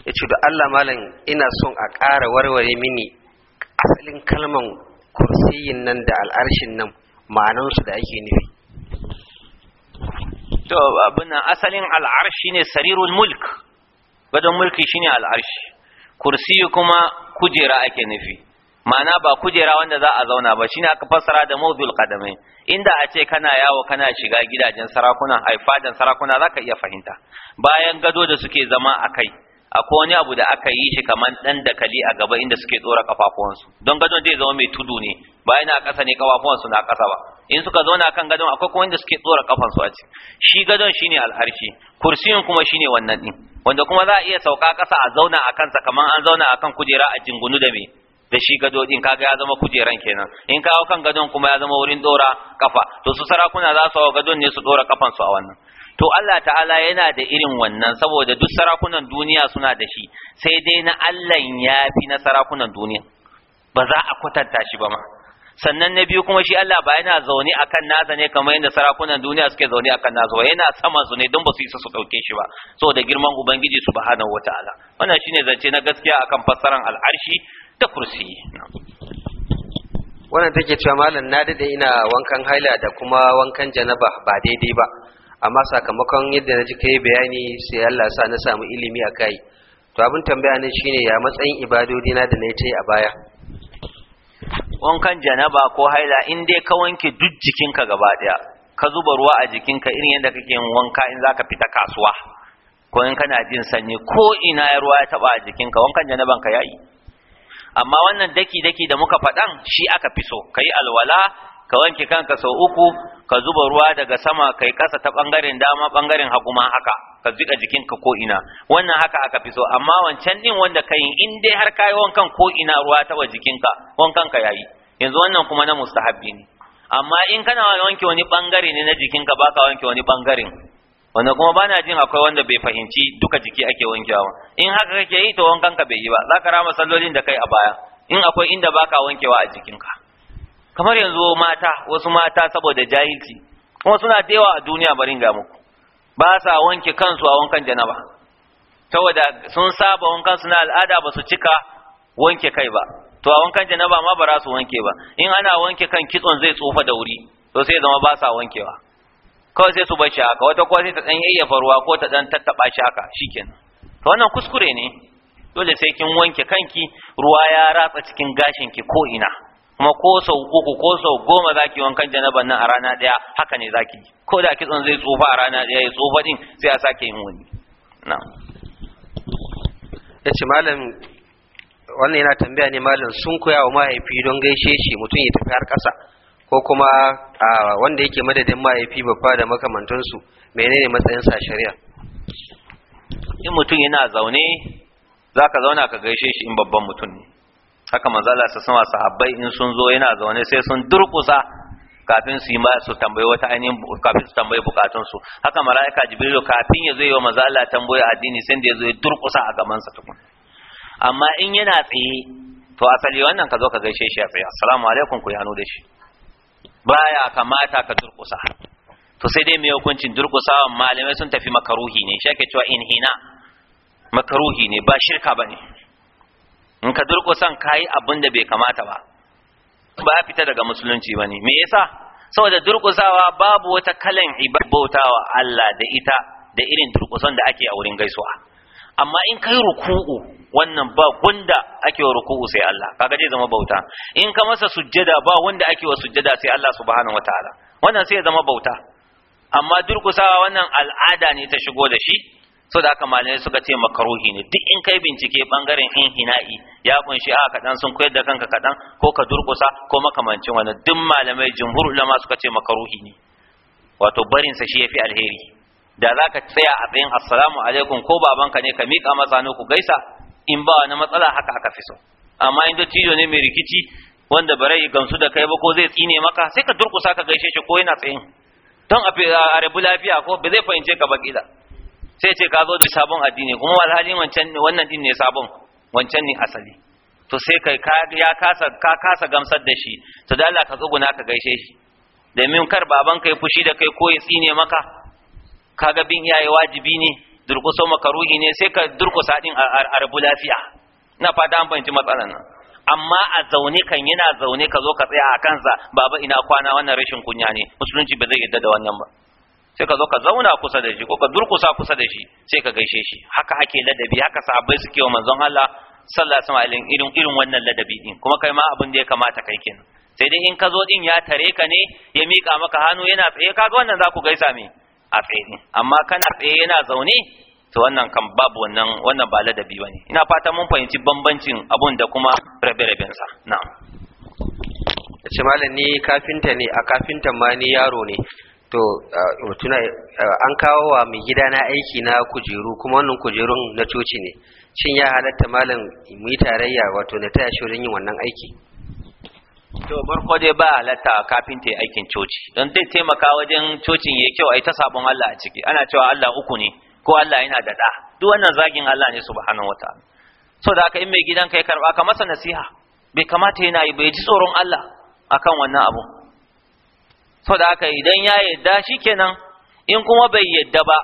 yace da Allah malam ina son a ƙara warware mini asalin kalman kursiyin nan da al'arshin nan ma'anansu da ake nufi to abin asalin al'arshi ne sarirul mulk gadon mulki shine al'arshi kursiyu kuma kujera ake nufi ma'ana ba kujera wanda za a zauna ba shine aka fassara da mawdul qadamai inda a ce kana yawo kana shiga gidajen sarakuna ai fadan sarakuna zaka iya fahimta bayan gado da suke zama a kai, akwai wani abu da aka yi shi kaman dan dakali a gaba inda suke tsora kafafuwansu don gadon zai zama mai tudu ne bayan a ƙasa ne kafafuwansu na ƙasa ba in suka zauna kan gadon akwai kuma inda suke tsora kafansu a ci shi gadon shine al'arshi kursiyin kuma shine wannan din wanda kuma za a iya sauka ƙasa a zauna a kansa kamar an zauna a kan kujera a jingunu da me da shi gado din kaga ya zama kujeran kenan in kawo kan gadon kuma ya zama wurin dora kafa to su sarakuna za su hawa gadon ne su dora kafan su a wannan to Allah ta'ala yana da irin wannan saboda duk sarakunan duniya suna da shi sai dai na Allah ya fi na sarakunan duniya ba za a kwatanta shi ba ma sannan na biyu kuma shi Allah ba yana zaune akan nasa ne kamar yadda sarakunan duniya suke zaune kan nasa ba yana sama su ne don ba su isa su dauke shi ba saboda girman ubangiji subhanahu wataala wannan shine zance na gaskiya akan fassaran al'arshi da kursi wannan take cewa malam na dade ina wankan haila da kuma wankan janaba ba daidai ba amma sakamakon yadda na ji kai bayani sai Allah sa na samu ilimi akai to abin tambaya ne shine ya matsayin na da na yi a baya wankan janaba ko haila in dai ka wanke duk jikinka gaba daya ka zuba ruwa a jikinka irin yadda kake yin wanka in zaka fita kasuwa ko in kana jin sanyi ko ina ya ruwa ya taba a jikinka wankan janaban ka yayi amma wannan daki daki da muka faɗan shi aka fi so kai alwala ka wanke kanka sau uku ka zuba ruwa daga sama kai kasa ta bangaren dama bangaren hagu ma haka ka jika jikinka ko ina wannan haka aka fi so amma wancan din wanda kai in dai har kai wankan ko ina ruwa ta jikinka wankan ka yayi yanzu wannan kuma na mustahabbi ne amma in kana wanke wani bangare ne na jikinka baka wanke wani bangaren wanda kuma bana jin akwai wanda bai fahimci duka jiki ake wankewa in haka kake yi to wankan ka bai yi ba zaka rama sallolin da kai a baya in akwai inda baka wankewa a jikinka kamar yanzu mata wasu mata saboda jahilci kuma suna da yawa a duniya barin ga muku ba sa wanke kansu a wankan janaba saboda sun saba wankan su na al'ada ba su cika wanke kai ba to a wankan janaba ma ba za su wanke ba in ana wanke kan kitson zai tsufa da wuri to sai zama ba sa wankewa kawai sai su bar shi haka wata kuwa sai ta dan yayyafa ruwa ko ta dan tattaba shi haka shikenan to wannan kuskure ne dole sai kin wanke kanki ruwa ya ratsa cikin gashin ki ko ina kuma ko sau uku ko sau goma za ki wankan janaban nan a rana ɗaya haka ne za ki ko da kitson zai tsufa a rana ɗaya ya tsufa ɗin sai a sake yin wani ya ce malam wannan yana tambaya ne malam sun koya wa mahaifi don gaishe shi mutum ya tafi har ƙasa ko kuma a wanda yake madadin mahaifi babba da makamantansu menene matsayin sa shari'a in mutum yana zaune za zauna ka gaishe shi in babban mutum ne haka manzala su sama sahabbai in sun zo yana zaune sai sun durkusa kafin su yi ma su tambayi wata ainihin kafin su tambayi bukatun su haka malaika jibrilu kafin ya zo yi wa manzala tambayi addini sai da ya zo ya durkusa a gaban sa tukun amma in yana tsaye to asali wannan ka zo ka gaishe shi a tsaye assalamu alaikum ku yano da shi baya kamata ka durkusa to sai dai mai hukuncin durkusawa malamai sun tafi makaruhi ne shi ake cewa inhina makaruhi ne ba shirka bane in ka durƙusan kayi abin da bai kamata ba ba ya fita daga musulunci ba ne me yasa saboda durƙusawa babu wata kalan bautawa Allah da ita da irin durƙusan da ake a wurin gaisuwa amma in kai ruku'u wannan ba gunda ake wa ruku'u sai Allah kaga zai zama bauta in ka masa sujjada ba wanda ake wa sujjada sai Allah subhanahu wataala wannan sai ya zama bauta amma durƙusawa wannan al'ada ne ta shigo da shi so da haka malamai suka ce makaruhi ne duk in kai bincike bangaren in hina'i ya kunshi a kaɗan sun koyar da kanka kaɗan ko ka durƙusa ko makamancin wannan duk malamai jumhur ulama suka ce makaruhi ne wato barin sa shi yafi alheri da za ka tsaya a tsayin assalamu alaikum ko babanka ne ka miƙa masa ku gaisa in ba wani matsala haka aka fi so amma in dattijo ne mai rikici wanda barai gamsu da kai ba ko zai tsine maka sai ka durƙusa ka gaishe shi ko yana tsayin don a rabu lafiya ko ba zai fahimce ka ba kila sai ce ka zo da sabon addini kuma alhali wancan wannan din ne sabon wancan ne asali to sai kai ka ya kasa ka kasa gamsar da shi to da Allah ka tsuguna ka gaishe shi domin kar baban kai fushi da kai ko ya tsine maka kaga bin iyaye wajibi ne durkuso makaruhi ne sai ka durkusa din a rabu lafiya na fata an fahimci matsalan nan amma a zaune kan yana zaune ka zo ka tsaya a kansa baba ina kwana wannan rashin kunya ne musulunci ba zai yarda da wannan ba sai ka zo ka zauna kusa da shi ko ka durkusa kusa da shi sai ka gaishe shi haka ake ladabi haka sahabbai suke wa manzon Allah sallallahu alaihi wasallam irin irin wannan ladabi din kuma kai ma abin da ya kamata kai kenan sai dai in ka zo din ya tare ka ne ya mika maka hannu yana tsaye kaga wannan za ku gaisa me a tsaye din amma kana tsaye yana zaune to wannan kan babu wannan wannan ba ladabi bane ina fata mun fahimci bambancin abun da kuma rabe-raben sa na'am ce malam ni kafinta ne a kafintan ma ni yaro ne to mutuna an kawo wa mai gida na aiki na kujeru kuma wannan kujerun na coci ne shin ya halatta malam mu yi tarayya wato na taya shirin yin wannan aiki to farko dai ba halatta kafin ta aikin coci don zai taimaka wajen cocin ya kyau ai ta sabon Allah a ciki ana cewa Allah uku ne ko Allah yana da da duk wannan zagin Allah ne subhanahu wataala so da aka in mai gidan ya karba ka masa nasiha bai kamata yana yi bai ji tsoron Allah akan wannan abu saboda haka idan ya yadda shikenan in kuma bai yadda ba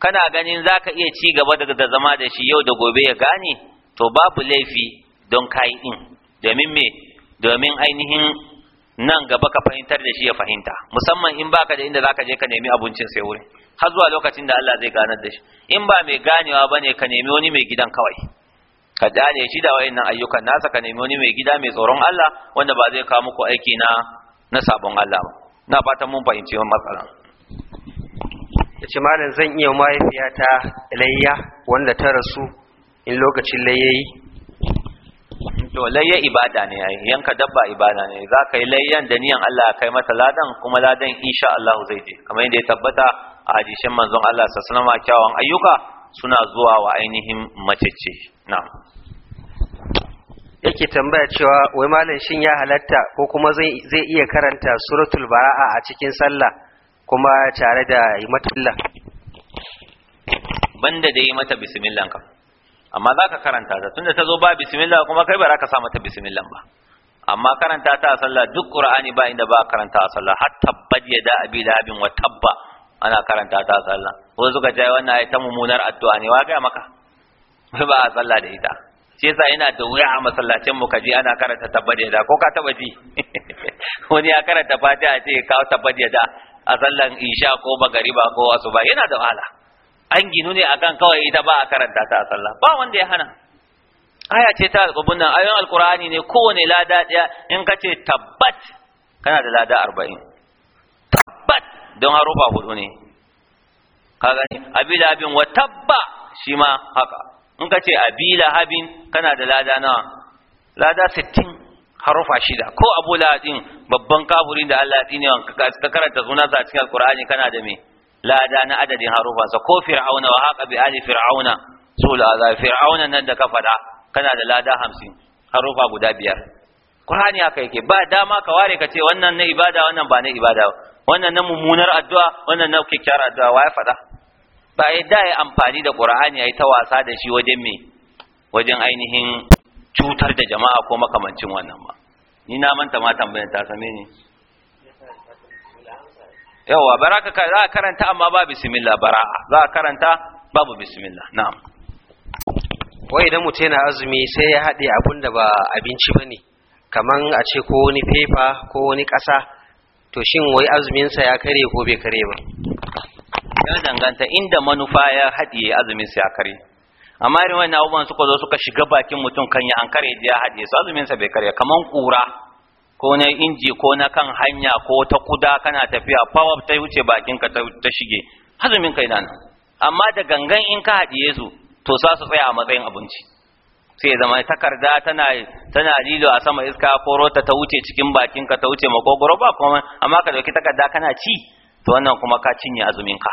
kana ganin zaka iya ci gaba da zama da shi yau da gobe ya gane to babu laifi don kai din domin me domin ainihin nan gaba ka fahimtar da shi ya fahimta musamman in baka da inda ka je ka nemi abincin sai wuri har zuwa lokacin da Allah zai ganar da shi in ba mai ganewa bane ka nemi wani mai gidan kawai ka dane shi da wayannan ayyukan nasa ka nemi wani mai gida mai tsoron Allah wanda ba zai kawo muku aiki na na sabon Allah ba na fatan mun fahimci matsalan matsala. Yace malam zan iya mahaifiyata layya wanda ta rasu in lokacin layyayi to layya ibada ne yayi yanka dabba ibada ne za ka yi layyan da niyan Allah kai mata ladan kuma ladan insha Allah zai je kamar yadda ya tabbata a hadisin manzon Allah sallallahu alaihi wasallam ayyuka suna zuwa wa ainihin macece na'am yake tambaya cewa wai malam shin ya halatta ko kuma zai iya karanta suratul bara'a a cikin sallah kuma tare da yi mata banda da yi mata bismillah ka amma za ka karanta ta tunda ta zo ba bismillah kuma kai ba za ka sa mata bismillah ba amma karanta ta a sallah duk qur'ani ba inda ba karanta a sallah har bad da abi abin wa tabba ana karanta ta a sallah wanda suka ce wannan ayatan mummunar addu'a ne wa ga maka ba a sallah da ita shi yasa yana da wuya a masallacin mu kaji ana karanta tabbade da ko ka taba ji wani ya karanta fatiha ce kawo tabbade da a sallan isha ko magariba ko asuba yana da wahala an ginu ne akan kawai ita ba a karanta ta a sallah ba wanda ya hana aya ce ta alƙubun nan ayon alƙur'ani ne kowane lada ɗaya in ka ce tabbat kana da lada arba'in tabbat don harufa hudu ne ka gani abin wa tabba shi ma haka in ka ce abi lahabin kana da lada nawa lada sittin harufa shida ko abu lahabin babban kaburin da Allah ya wanka ka karanta sunansa a cikin alqur'ani kana da me lada na adadin sa ko fir'auna wa haka bi ali fir'auna su la'aza fir'auna nan da ka faɗa kana da lada hamsin harufa guda biyar qur'ani haka yake ba dama ka ware ka ce wannan na ibada wannan ba na ibada wannan na mummunar addu'a wannan na kyakkyawar addu'a wa ya faɗa ba yadda ya amfani da ya yi ta wasa da shi wajen me wajen ainihin cutar da jama'a ko makamancin wannan ba ni na manta ma tambayar ta same ni yawa baraka za ka karanta amma ba bismillah bara za a karanta babu bismillah na'am wai idan mutum yana azumi sai ya haɗe abun da ba abinci ba ne kaman a ce ko wani fefa ko wani ƙasa to shin wai azuminsa ya kare ko bai kare ba ya danganta inda manufa ya haɗiye azumin sa ya kare amma irin wannan abubuwan suka zo suka shiga bakin mutum kan ya an kare ya haɗiye su azumin sa bai kare kaman kura ko na inji ko na kan hanya ko ta kuda kana tafiya power ta wuce bakin ka ta shige azumin kai nan amma da gangan in ka haɗiye su to sa su tsaya a matsayin abinci sai zama takarda tana tana lilo a sama iska ko rota ta wuce cikin bakin ka ta wuce makogoro ba kuma amma ka dauki takarda kana ci to wannan kuma ka cinye azumin ka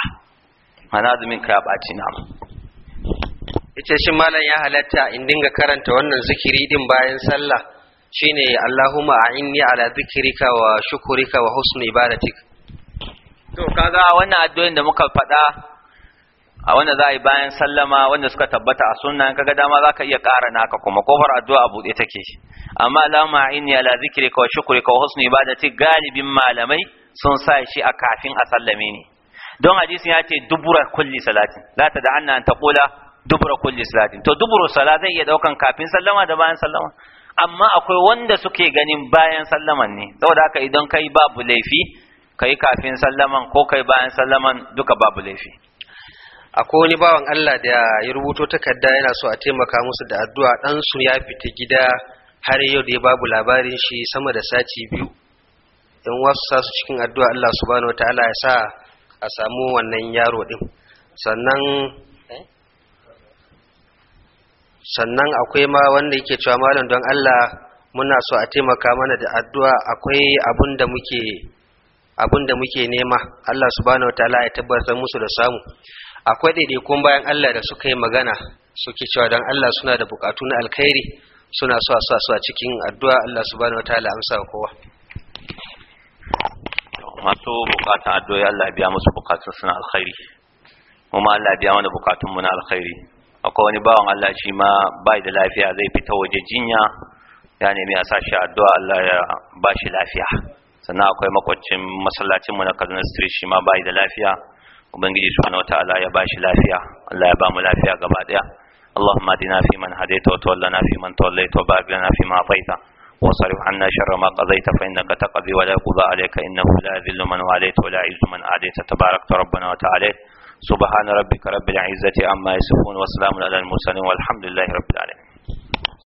mana azumin ka ya ɓaci na ita shi malam ya halatta in dinga karanta wannan zikiri din bayan sallah shine Allahumma a'inni ala zikrika wa shukrika wa husni ibadatik to kaga wannan addu'o'in da muka faɗa a wanda za a yi bayan sallama wanda suka tabbata a sunna kaga dama za ka iya ƙara naka kuma kofar addu'a a buɗe take amma allahumma a'inni ala zikrika wa shukrika wa husni ibadatik, galibin malamai sun sa shi a kafin a sallame ne don hadisin ya ce dubura kulli salatin la ta da anna an kula dubura kulli salatin to dubura sala zai iya daukan kafin sallama da bayan sallama amma akwai wanda suke ganin bayan sallaman ne saboda haka idan kai babu laifi kai kafin sallaman ko kai bayan sallaman duka babu laifi akwai wani bawan Allah da ya rubuto takarda yana so a taimaka musu da addu'a dan su ya fita gida har yau da ya babu labarin shi sama da sati biyu yan wasu sa su cikin addu'a Allah subhanahu ala ya sa a samu wannan yaro din sannan eh? sannan akwai ma wanda yake cewa malam don Allah muna so a taimaka mana da addu'a akwai abin da muke abin da muke nema Allah subhanahu ya tabbatar musu da samu akwai daidaikun bayan Allah da suka yi magana suke cewa don Allah suna da bukatu na alkhairi suna so a sa su a cikin addu'a Allah subhanahu ala amsa kowa masu bukatan addu'o'i Allah biya musu bukatun suna alkhairi kuma Allah biya mana bukatun mu na alkhairi akwai wani bawan Allah shi ma bai da lafiya zai fita waje jinya ya nemi a sashi addu'a Allah ya ba shi lafiya sannan akwai makwacin masallacin mu na Kaduna Street shi ma bai da lafiya ubangiji subhanahu wataala ya ba shi lafiya Allah ya ba mu lafiya gaba daya اللهم اهدنا فيمن هديت وتولنا فيمن توليت وبارك لنا فيما اعطيت وصرف عنا شر ما قضيت فإنك تقضي ولا قضى عليك إنه لا يذل من واليت ولا يعز من عاديت تبارك ربنا وتعاليت سبحان ربك رب العزة عما يصفون وسلام على المرسلين والحمد لله رب العالمين